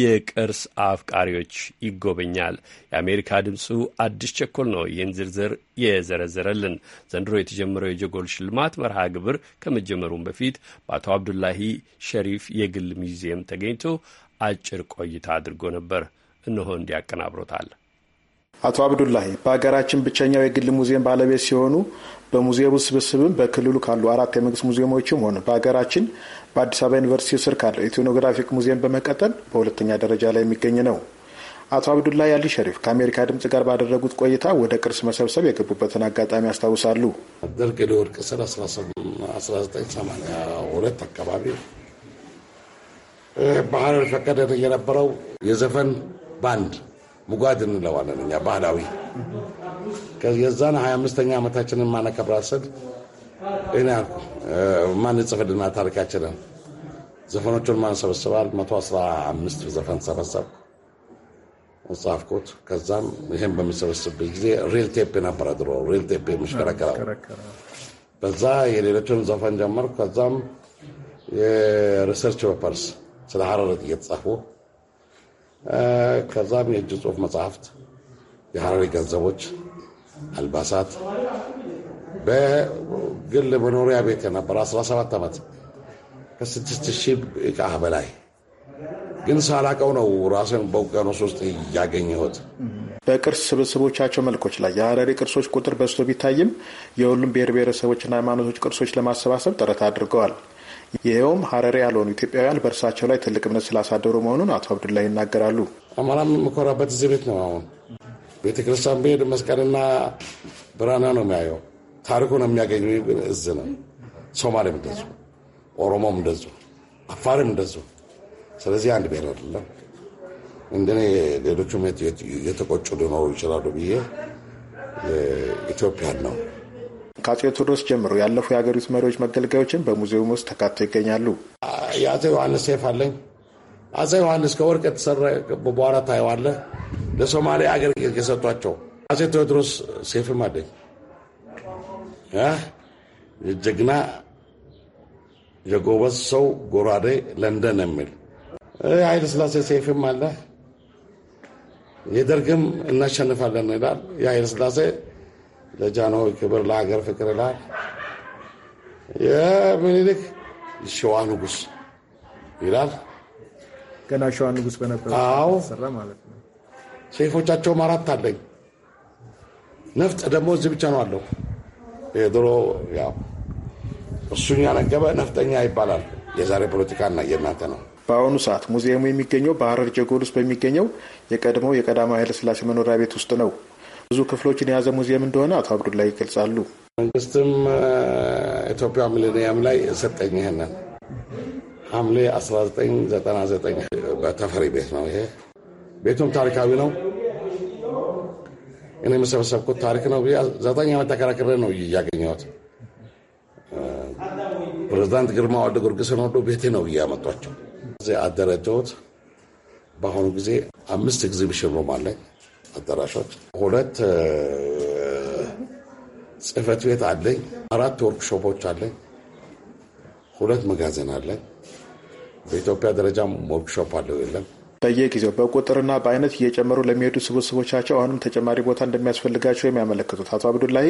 የቅርስ አፍቃሪዎች ይጎበኛል። የአሜሪካ ድምፁ አዲስ ቸኮል ነው ይህን ዝርዝር የዘረዘረልን። ዘንድሮ የተጀመረው የጀጎል ሽልማት መርሃ ግብር ከመጀመሩም በፊት በአቶ አብዱላሂ ሸሪፍ የግል ሚዚየም ተገኝቶ አጭር ቆይታ አድርጎ ነበር። እነሆ እንዲያቀናብሮታል። አቶ አብዱላሂ በሀገራችን ብቸኛው የግል ሙዚየም ባለቤት ሲሆኑ በሙዚየሙ ስብስብም በክልሉ ካሉ አራት የመንግስት ሙዚየሞችም ሆነ በሀገራችን በአዲስ አበባ ዩኒቨርሲቲ ስር ካለው ኢትኖግራፊክ ሙዚየም በመቀጠል በሁለተኛ ደረጃ ላይ የሚገኝ ነው። አቶ አብዱላሂ አሊ ሸሪፍ ከአሜሪካ ድምጽ ጋር ባደረጉት ቆይታ ወደ ቅርስ መሰብሰብ የገቡበትን አጋጣሚ ያስታውሳሉ። ደርግ ሊወድቅ ስል 1982 አካባቢ ባህር ፈቀደ የነበረው የዘፈን ባንድ ሙጓድ እንለዋለን እኛ ባህላዊ የዛን ሀያ አምስተኛ ዓመታችንን ማነከብራት ስል እኔ አልኩ ማን ጽፍልና ታሪካችንን ዘፈኖቹን ማን ሰበስባል? መቶ አስራ አምስት ዘፈን ሰበሰብኩ ጻፍኩት። ከዛም ይህን በሚሰበስብበት ጊዜ ሪል ቴፕ ነበረ ድሮ ሪል ቴፕ የሚሽከረከረው በዛ የሌሎችን ዘፈን ጀመርኩ። ከዛም የሪሰርች ፔፐርስ ስለ ሀረረት እየተጻፉ ከዛም የእጅ ጽሁፍ መጽሐፍት፣ የሀረሪ ገንዘቦች፣ አልባሳት በግል መኖሪያ ቤት የነበረ 17 ዓመት ከስድስት ሺህ እቃ በላይ ግን ሳላቀው ነው ራሴን በውቅያኖስ ውስጥ እያገኘሁት። በቅርስ ስብስቦቻቸው መልኮች ላይ የሀረሪ ቅርሶች ቁጥር በዝቶ ቢታይም የሁሉም ብሔር ብሔረሰቦችና ሃይማኖቶች ቅርሶች ለማሰባሰብ ጥረት አድርገዋል። ይኸውም ሀረሪ ያልሆኑ ኢትዮጵያውያን በእርሳቸው ላይ ትልቅ እምነት ስላሳደሩ መሆኑን አቶ አብዱላ ይናገራሉ። አማራም የምኮራበት እዚህ ቤት ነው። አሁን ክርስቲያን ብሄድ መስቀልና ብራና ነው የሚያየው። ታሪኩ ነው የሚያገኙ እዝ ነው። ሶማሌም እንደዙ፣ ኦሮሞም እንደዙ፣ አፋርም እንደዙ። ስለዚህ አንድ ብሄር አይደለም። እንደኔ ሌሎቹም የተቆጩ ሊኖሩ ይችላሉ ብዬ ኢትዮጵያን ነው ከአጼ ቴዎድሮስ ጀምሮ ያለፉ የሀገሪቱ መሪዎች መገልገያዎችን በሙዚየም ውስጥ ተካተው ይገኛሉ። የአጼ ዮሐንስ ሴፍ አለኝ። አጼ ዮሐንስ ከወርቅ የተሰራ በኋላ ታየዋለ ለሶማሌ ሀገር የሰጧቸው አጼ ቴዎድሮስ ሴፍም አለኝ። ጀግና የጎበዝ ሰው ጎራዴ ለንደን የሚል ኃይለ ስላሴ ሴፍም አለ። የደርግም እናሸንፋለን ይላል የኃይለ ስላሴ ለጃንሆይ ክብር ለሀገር ፍቅር ይላል። የምኒልክ ሸዋ ንጉስ ይላል። ገና ሸዋ ንጉስ በነበረው ሰይፎቻቸውም አራት አለኝ። ነፍጥ ደግሞ እዚህ ብቻ ነው አለው። የድሮ ያው እሱኛ ነገበ ነፍጠኛ ይባላል። የዛሬ ፖለቲካና የእናንተ ነው። በአሁኑ ሰዓት ሙዚየሙ የሚገኘው በሀረር ጀጎል ውስጥ በሚገኘው የቀድሞው የቀዳማዊ ኃይለስላሴ መኖሪያ ቤት ውስጥ ነው። ብዙ ክፍሎችን የያዘ ሙዚየም እንደሆነ አቶ አብዱላ ይገልጻሉ። መንግስትም ኢትዮጵያ ሚሊኒየም ላይ ሰጠኝ። ይህንን ሐምሌ 1999 በተፈሪ ቤት ነው። ይሄ ቤቱም ታሪካዊ ነው። እኔ የምሰበሰብኩት ታሪክ ነው። ዘጠኝ ዓመት ተከራክሬ ነው እያገኘሁት። ፕሬዚዳንት ግርማ ወደ ጊዮርጊስን ወዶ ቤቴ ነው እያመጧቸው አደረጀሁት። በአሁኑ ጊዜ አምስት ኤግዚቢሽን ሩም አለኝ። አዳራሾች፣ ሁለት ጽህፈት ቤት አለኝ፣ አራት ወርክሾፖች አለኝ፣ ሁለት መጋዘን አለኝ። በኢትዮጵያ ደረጃም ወርክሾፕ አለው የለም። በየጊዜው በቁጥርና በአይነት እየጨመሩ ለሚሄዱ ስብስቦቻቸው አሁንም ተጨማሪ ቦታ እንደሚያስፈልጋቸው የሚያመለክቱት አቶ አብዱላሂ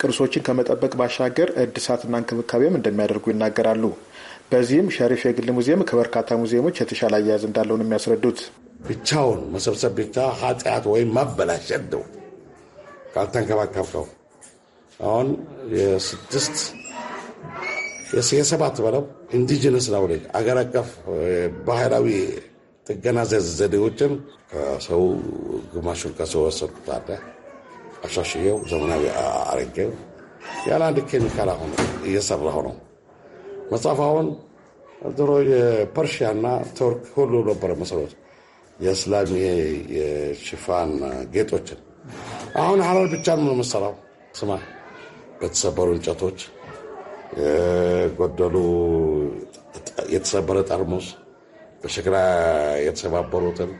ቅርሶችን ከመጠበቅ ባሻገር እድሳትና እንክብካቤም እንደሚያደርጉ ይናገራሉ። በዚህም ሸሪፍ የግል ሙዚየም ከበርካታ ሙዚየሞች የተሻለ አያያዝ እንዳለውን የሚያስረዱት ብቻውን መሰብሰብ ብቻ ኃጢአት ወይም ማበላሸት ነው ካልተንከባከብከው። አሁን የስድስት የሰባት በለው ኢንዲጂነስ ናውሌጅ አገር አቀፍ ባህላዊ ጥገና ዘዴዎችን ከሰው ግማሹን ከሰው ወሰድኩት አለ አሻሽየው ዘመናዊ አረጌው ያለ አንድ ኬሚካል አሁን እየሰራሁ ነው። መጽሐፍ አሁን ድሮ የፐርሺያና ቱርክ ሁሉ ነበረ መሰሎት የእስላም የሽፋን ጌጦችን አሁን ሀረር ብቻ ነው የምሰራው። ስማ በተሰበሩ እንጨቶች የጎደሉ የተሰበረ ጠርሙስ በሸክላ የተሰባበሩትን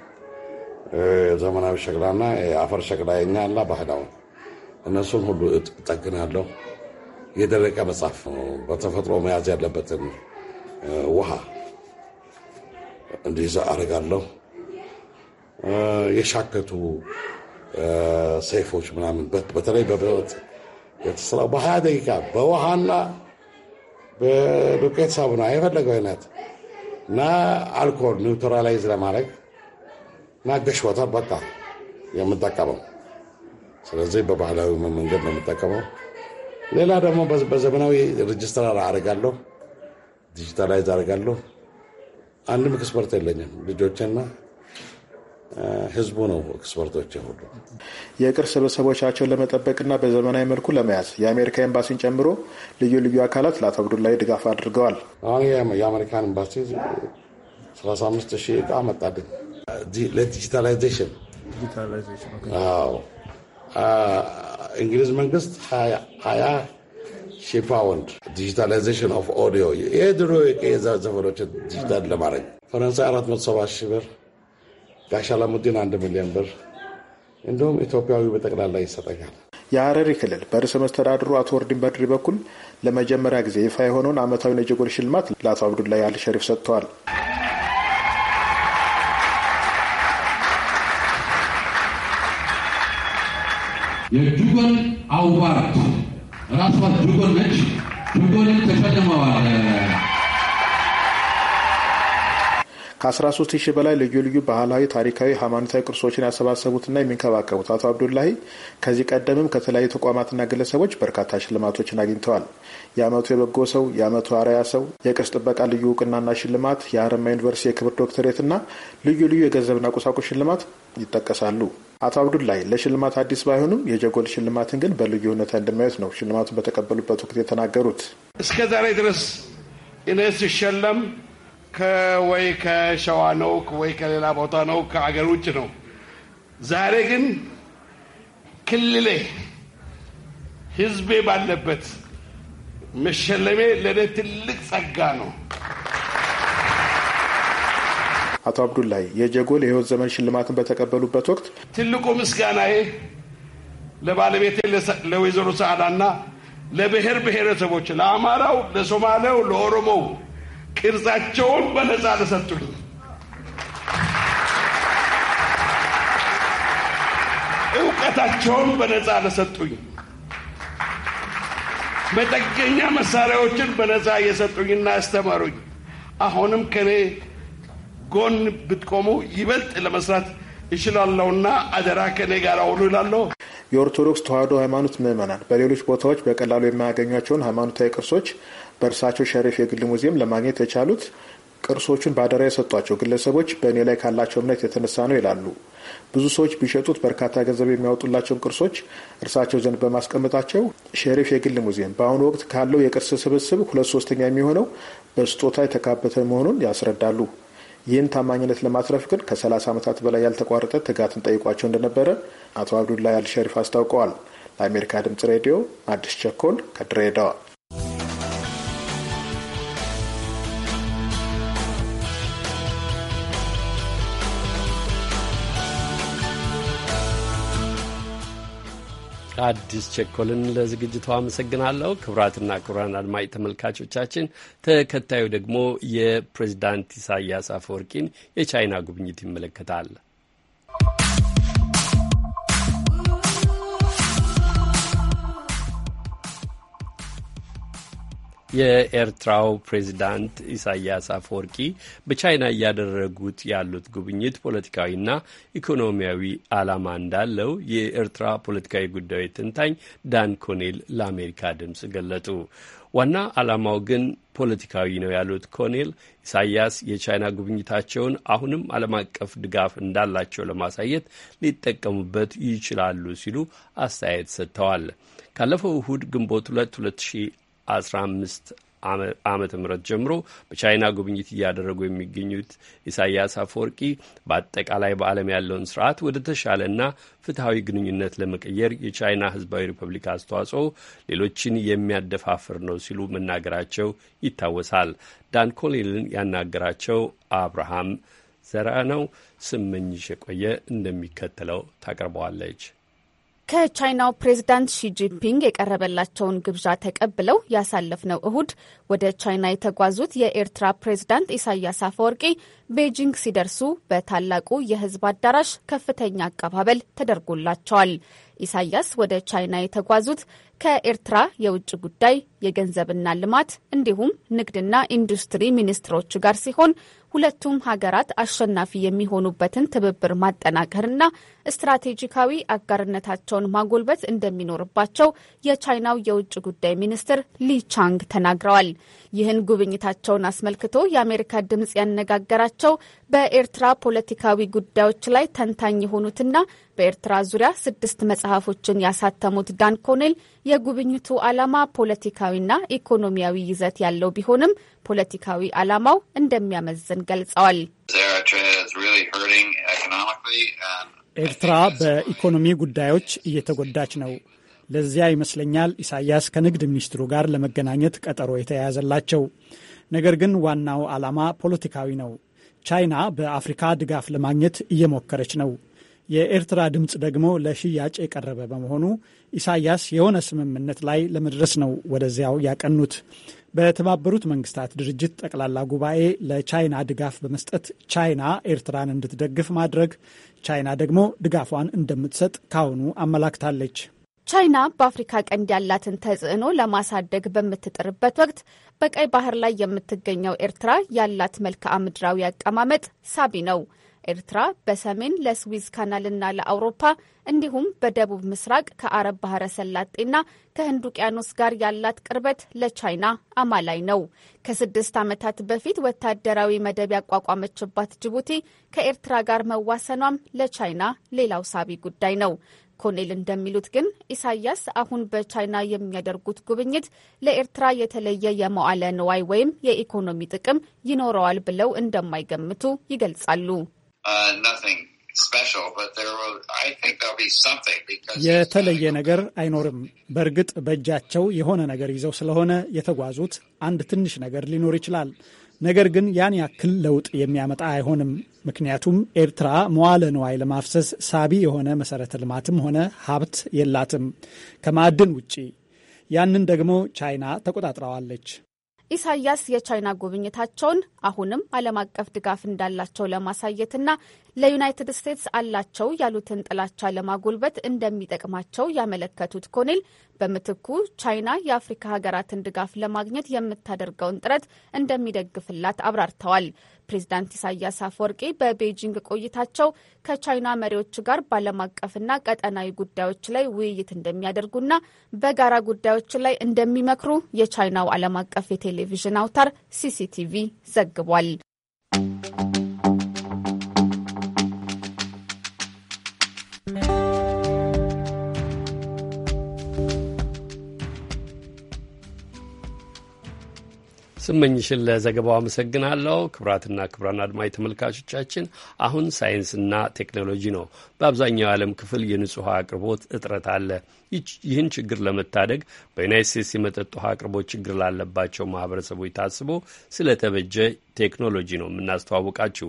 ዘመናዊ ሸክላና የአፈር ሸክላ የኛ እና ባህላዊ እነሱን ሁሉ እጠግናለሁ። የደረቀ መጽሐፍ በተፈጥሮ መያዝ ያለበትን ውሃ እንዲይዘ አደርጋለሁ። የሻከቱ ሰይፎች ምናምን በተለይ በብረት የተሰራ በሀያ ደቂቃ በውሃና በዱቄት ሳቡና የፈለገው አይነት እና አልኮል ኒውትራላይዝ ለማድረግ እና ገሽወተር በቃ የምጠቀመው። ስለዚህ በባህላዊ መንገድ ነው የምጠቀመው። ሌላ ደግሞ በዘመናዊ ሬጅስተር አደርጋለሁ፣ ዲጂታላይዝ አደርጋለሁ። አንድም ክስበርት የለኝም ልጆችና ህዝቡ ነው ኤክስፐርቶች ሁሉ። የቅርስ ስብሰቦቻቸውን ለመጠበቅና በዘመናዊ መልኩ ለመያዝ የአሜሪካ ኤምባሲን ጨምሮ ልዩ ልዩ አካላት ለአቶ አብዱላይ ድጋፍ አድርገዋል። አሁን የአሜሪካን ኤምባሲ 35 ሺህ እቃ መጣብን ለዲጂታላይዜሽን። እንግሊዝ መንግስት ሀያ ሺህ ፓውንድ ዲጂታላይዜሽን ኦፍ ኦዲዮ የድሮ የዘፈኖችን ዲጂታል ለማድረግ ፈረንሳይ 470 ሺህ ብር ጋሽ አላሙዲን አንድ ሚሊዮን ብር እንዲሁም ኢትዮጵያዊ በጠቅላላ ይሰጠኛል። የሀረሪ ክልል በርዕሰ መስተዳድሩ አቶ ወርዲን በድሪ በኩል ለመጀመሪያ ጊዜ ይፋ የሆነውን ዓመታዊ የጀጎል ሽልማት ለአቶ አብዱላይ አል ሸሪፍ ሰጥተዋል። የጁጎል አዋርድ ራሷ ጁጎል ነች። ጁጎልን ተሸልመዋል። ከ13 ሺህ በላይ ልዩ ልዩ ባህላዊ፣ ታሪካዊ፣ ሃይማኖታዊ ቅርሶችን ያሰባሰቡትና የሚንከባከቡት አቶ አብዱላሂ ከዚህ ቀደምም ከተለያዩ ተቋማትና ግለሰቦች በርካታ ሽልማቶችን አግኝተዋል። የዓመቱ የበጎ ሰው፣ የዓመቱ አርአያ ሰው፣ የቅርስ ጥበቃ ልዩ እውቅናና ሽልማት፣ የሀረማያ ዩኒቨርሲቲ የክብር ዶክተሬትና ልዩ ልዩ የገንዘብና ቁሳቁስ ሽልማት ይጠቀሳሉ። አቶ አብዱላይ ለሽልማት አዲስ ባይሆኑም የጀጎል ሽልማትን ግን በልዩ ሁኔታ እንደማየት ነው ሽልማቱን በተቀበሉበት ወቅት የተናገሩት። እስከ ዛሬ ድረስ እኔ ስሸለም ከወይ ከሸዋ ነው ወይ ከሌላ ቦታ ነው ከአገር ውጭ ነው። ዛሬ ግን ክልሌ ህዝቤ ባለበት መሸለሜ ለእኔ ትልቅ ጸጋ ነው። አቶ አብዱላይ የጀጎል የህይወት ዘመን ሽልማትን በተቀበሉበት ወቅት ትልቁ ምስጋናዬ ለባለቤቴ ለወይዘሮ ሰዓዳና ለብሔር ብሔረሰቦች ለአማራው፣ ለሶማሌው፣ ለኦሮሞው ቅርጻቸውን በነፃ ለሰጡኝ እውቀታቸውን በነፃ ለሰጡኝ መጠገኛ መሳሪያዎችን በነፃ እየሰጡኝና ያስተማሩኝ አሁንም ከኔ ጎን ብትቆሙ ይበልጥ ለመስራት ይችላለሁና አደራ ከኔ ጋር ሁኑ ይላለሁ። የኦርቶዶክስ ተዋሕዶ ሃይማኖት ምዕመናን በሌሎች ቦታዎች በቀላሉ የማያገኟቸውን ሃይማኖታዊ ቅርሶች በእርሳቸው ሸሪፍ የግል ሙዚየም ለማግኘት የቻሉት ቅርሶቹን በአደራ የሰጧቸው ግለሰቦች በእኔ ላይ ካላቸው እምነት የተነሳ ነው ይላሉ። ብዙ ሰዎች ቢሸጡት በርካታ ገንዘብ የሚያወጡላቸውን ቅርሶች እርሳቸው ዘንድ በማስቀመጣቸው ሸሪፍ የግል ሙዚየም በአሁኑ ወቅት ካለው የቅርስ ስብስብ ሁለት ሶስተኛ የሚሆነው በስጦታ የተካበተ መሆኑን ያስረዳሉ። ይህን ታማኝነት ለማትረፍ ግን ከ30 ዓመታት በላይ ያልተቋረጠ ትጋትን ጠይቋቸው እንደነበረ አቶ አብዱላ አልሸሪፍ አስታውቀዋል። ለአሜሪካ ድምጽ ሬዲዮ አዲስ ቸኮል ከድሬዳዋ አዲስ ቸኮልን ለዝግጅቷ አመሰግናለሁ። ክቡራትና ክቡራን አድማጭ ተመልካቾቻችን፣ ተከታዩ ደግሞ የፕሬዚዳንት ኢሳያስ አፈወርቂን የቻይና ጉብኝት ይመለከታል። የኤርትራው ፕሬዚዳንት ኢሳያስ አፈወርቂ በቻይና እያደረጉት ያሉት ጉብኝት ፖለቲካዊና ኢኮኖሚያዊ ዓላማ እንዳለው የኤርትራ ፖለቲካዊ ጉዳዮች ተንታኝ ዳን ኮኔል ለአሜሪካ ድምፅ ገለጡ። ዋና ዓላማው ግን ፖለቲካዊ ነው ያሉት ኮኔል ኢሳያስ የቻይና ጉብኝታቸውን አሁንም ዓለም አቀፍ ድጋፍ እንዳላቸው ለማሳየት ሊጠቀሙበት ይችላሉ ሲሉ አስተያየት ሰጥተዋል። ካለፈው እሁድ ግንቦት 2 2015 ዓመተ ምህረት ጀምሮ በቻይና ጉብኝት እያደረጉ የሚገኙት ኢሳያስ አፈወርቂ በአጠቃላይ በዓለም ያለውን ስርዓት ወደ ተሻለና ፍትሐዊ ግንኙነት ለመቀየር የቻይና ህዝባዊ ሪፐብሊክ አስተዋጽኦ ሌሎችን የሚያደፋፍር ነው ሲሉ መናገራቸው ይታወሳል። ዳን ኮሌልን ያናገራቸው አብርሃም ዘራ ነው ስመኝሽ የቆየ እንደሚከተለው ታቀርበዋለች። ከቻይናው ፕሬዝዳንት ሺጂንፒንግ የቀረበላቸውን ግብዣ ተቀብለው ያሳለፍነው እሁድ ወደ ቻይና የተጓዙት የኤርትራ ፕሬዝዳንት ኢሳያስ አፈወርቂ ቤጂንግ ሲደርሱ በታላቁ የሕዝብ አዳራሽ ከፍተኛ አቀባበል ተደርጎላቸዋል። ኢሳያስ ወደ ቻይና የተጓዙት ከኤርትራ የውጭ ጉዳይ የገንዘብና ልማት እንዲሁም ንግድና ኢንዱስትሪ ሚኒስትሮች ጋር ሲሆን ሁለቱም ሀገራት አሸናፊ የሚሆኑበትን ትብብር ማጠናከርና ስትራቴጂካዊ አጋርነታቸውን ማጎልበት እንደሚኖርባቸው የቻይናው የውጭ ጉዳይ ሚኒስትር ሊ ቻንግ ተናግረዋል። ይህን ጉብኝታቸውን አስመልክቶ የአሜሪካ ድምጽ ያነጋገራቸው በኤርትራ ፖለቲካዊ ጉዳዮች ላይ ተንታኝ የሆኑትና በኤርትራ ዙሪያ ስድስት መጽሐፎችን ያሳተሙት ዳን ኮኔል የጉብኝቱ ዓላማ ፖለቲካዊና ኢኮኖሚያዊ ይዘት ያለው ቢሆንም ፖለቲካዊ ዓላማው እንደሚያመዝን ገልጸዋል። ኤርትራ በኢኮኖሚ ጉዳዮች እየተጎዳች ነው። ለዚያ ይመስለኛል ኢሳያስ ከንግድ ሚኒስትሩ ጋር ለመገናኘት ቀጠሮ የተያያዘላቸው። ነገር ግን ዋናው ዓላማ ፖለቲካዊ ነው። ቻይና በአፍሪካ ድጋፍ ለማግኘት እየሞከረች ነው። የኤርትራ ድምፅ ደግሞ ለሽያጭ የቀረበ በመሆኑ ኢሳያስ የሆነ ስምምነት ላይ ለመድረስ ነው ወደዚያው ያቀኑት። በተባበሩት መንግስታት ድርጅት ጠቅላላ ጉባኤ ለቻይና ድጋፍ በመስጠት ቻይና ኤርትራን እንድትደግፍ ማድረግ፣ ቻይና ደግሞ ድጋፏን እንደምትሰጥ ካሁኑ አመላክታለች። ቻይና በአፍሪካ ቀንድ ያላትን ተጽዕኖ ለማሳደግ በምትጥርበት ወቅት በቀይ ባህር ላይ የምትገኘው ኤርትራ ያላት መልክዓ ምድራዊ አቀማመጥ ሳቢ ነው። ኤርትራ በሰሜን ለስዊዝ ካናልና ለአውሮፓ እንዲሁም በደቡብ ምስራቅ ከአረብ ባህረ ሰላጤና ከህንድ ውቅያኖስ ጋር ያላት ቅርበት ለቻይና አማላይ ነው። ከስድስት ዓመታት በፊት ወታደራዊ መደብ ያቋቋመችባት ጅቡቲ ከኤርትራ ጋር መዋሰኗም ለቻይና ሌላው ሳቢ ጉዳይ ነው። ኮኔል እንደሚሉት ግን ኢሳያስ አሁን በቻይና የሚያደርጉት ጉብኝት ለኤርትራ የተለየ የመዋለ ንዋይ ወይም የኢኮኖሚ ጥቅም ይኖረዋል ብለው እንደማይገምቱ ይገልጻሉ። uh, የተለየ ነገር አይኖርም። በእርግጥ በእጃቸው የሆነ ነገር ይዘው ስለሆነ የተጓዙት አንድ ትንሽ ነገር ሊኖር ይችላል። ነገር ግን ያን ያክል ለውጥ የሚያመጣ አይሆንም። ምክንያቱም ኤርትራ መዋለ ንዋይ ለማፍሰስ ሳቢ የሆነ መሰረተ ልማትም ሆነ ሀብት የላትም ከማዕድን ውጪ። ያንን ደግሞ ቻይና ተቆጣጥረዋለች። ኢሳያስ የቻይና ጉብኝታቸውን አሁንም ዓለም አቀፍ ድጋፍ እንዳላቸው ለማሳየትና ለዩናይትድ ስቴትስ አላቸው ያሉትን ጥላቻ ለማጎልበት እንደሚጠቅማቸው ያመለከቱት ኮኔል በምትኩ ቻይና የአፍሪካ ሀገራትን ድጋፍ ለማግኘት የምታደርገውን ጥረት እንደሚደግፍላት አብራርተዋል። ፕሬዚዳንት ኢሳያስ አፈወርቂ በቤጂንግ ቆይታቸው ከቻይና መሪዎች ጋር ባለም አቀፍና ቀጠናዊ ጉዳዮች ላይ ውይይት እንደሚያደርጉና በጋራ ጉዳዮች ላይ እንደሚመክሩ የቻይናው ዓለም አቀፍ የቴሌቪዥን አውታር ሲሲቲቪ ዘግቧል። ስመኝሽን ለዘገባው አመሰግናለሁ። ክብራትና ክብራን አድማጭ ተመልካቾቻችን አሁን ሳይንስና ቴክኖሎጂ ነው። በአብዛኛው የዓለም ክፍል የንጹሕ ውሃ አቅርቦት እጥረት አለ። ይህን ችግር ለመታደግ በዩናይት ስቴትስ የመጠጥ ውሃ አቅርቦት ችግር ላለባቸው ማህበረሰቦች ታስቦ ስለተበጀ ቴክኖሎጂ ነው የምናስተዋውቃችሁ።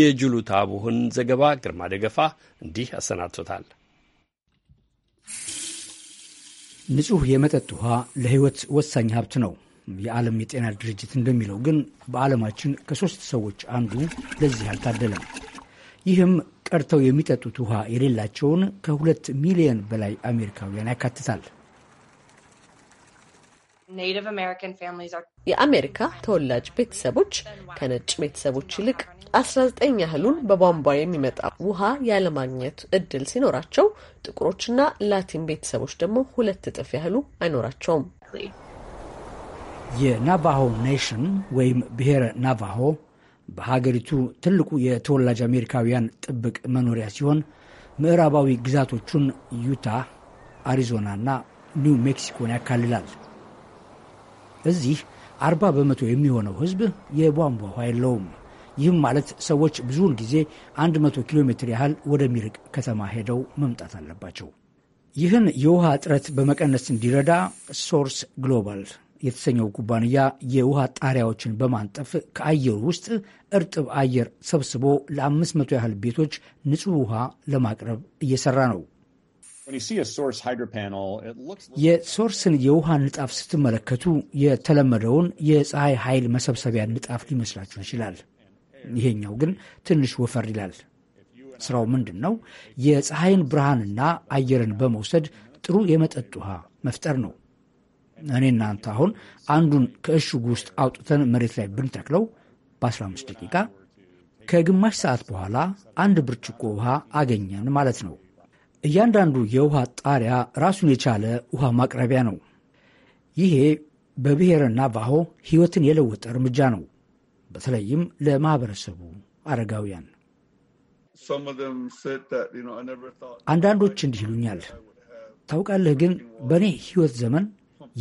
የጁሉ ታቡህን ዘገባ ግርማ ደገፋ እንዲህ አሰናድቶታል። ንጹሕ የመጠጥ ውሃ ለሕይወት ወሳኝ ሀብት ነው። የዓለም የጤና ድርጅት እንደሚለው ግን በዓለማችን ከሶስት ሰዎች አንዱ ለዚህ አልታደለም። ይህም ቀርተው የሚጠጡት ውሃ የሌላቸውን ከሁለት ሚሊዮን በላይ አሜሪካውያን ያካትታል። የአሜሪካ ተወላጅ ቤተሰቦች ከነጭ ቤተሰቦች ይልቅ 19 ያህሉን በቧንቧ የሚመጣ ውሃ ያለማግኘት እድል ሲኖራቸው፣ ጥቁሮችና ላቲን ቤተሰቦች ደግሞ ሁለት እጥፍ ያህሉ አይኖራቸውም። የናቫሆ ኔሽን ወይም ብሔረ ናቫሆ በሀገሪቱ ትልቁ የተወላጅ አሜሪካውያን ጥብቅ መኖሪያ ሲሆን ምዕራባዊ ግዛቶቹን ዩታ፣ አሪዞና እና ኒው ሜክሲኮን ያካልላል። እዚህ አርባ በመቶ የሚሆነው ሕዝብ የቧንቧ ውሃ የለውም። ይህም ማለት ሰዎች ብዙውን ጊዜ 100 ኪሎ ሜትር ያህል ወደሚርቅ ከተማ ሄደው መምጣት አለባቸው። ይህን የውሃ እጥረት በመቀነስ እንዲረዳ ሶርስ ግሎባል የተሰኘው ኩባንያ የውሃ ጣሪያዎችን በማንጠፍ ከአየሩ ውስጥ እርጥብ አየር ሰብስቦ ለ መቶ ያህል ቤቶች ንጹህ ውሃ ለማቅረብ እየሰራ ነው። የሶርስን የውሃ ንጣፍ ስትመለከቱ የተለመደውን የፀሐይ ኃይል መሰብሰቢያ ንጣፍ ሊመስላችሁ ይችላል። ይሄኛው ግን ትንሽ ወፈር ይላል። ስራው ምንድን ነው? የፀሐይን ብርሃንና አየርን በመውሰድ ጥሩ የመጠጥ ውሃ መፍጠር ነው። እኔ እናንተ አሁን አንዱን ከእሽጉ ውስጥ አውጥተን መሬት ላይ ብንተክለው በ15 ደቂቃ ከግማሽ ሰዓት በኋላ አንድ ብርጭቆ ውሃ አገኘን ማለት ነው። እያንዳንዱ የውሃ ጣሪያ ራሱን የቻለ ውሃ ማቅረቢያ ነው። ይሄ በብሔርና ቫሆ ሕይወትን የለወጠ እርምጃ ነው። በተለይም ለማህበረሰቡ አረጋውያን። አንዳንዶች እንዲህ ይሉኛል፣ ታውቃለህ ግን በእኔ ሕይወት ዘመን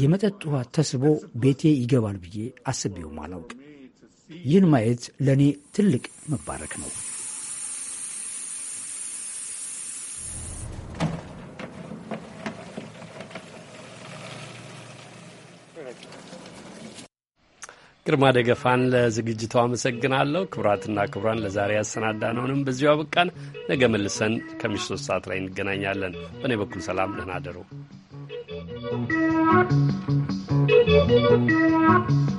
የመጠጥ ውሃ ተስቦ ቤቴ ይገባል ብዬ አስቤውም አላውቅ። ይህን ማየት ለእኔ ትልቅ መባረክ ነው። ግርማ ደገፋን ለዝግጅቱ አመሰግናለሁ። ክቡራትና ክቡራን ለዛሬ ያሰናዳነውንም በዚሁ አበቃን። ነገ መልሰን ከምሽቱ ሶስት ሰዓት ላይ እንገናኛለን። በእኔ በኩል ሰላም፣ ደህና አደሩ። Thank you.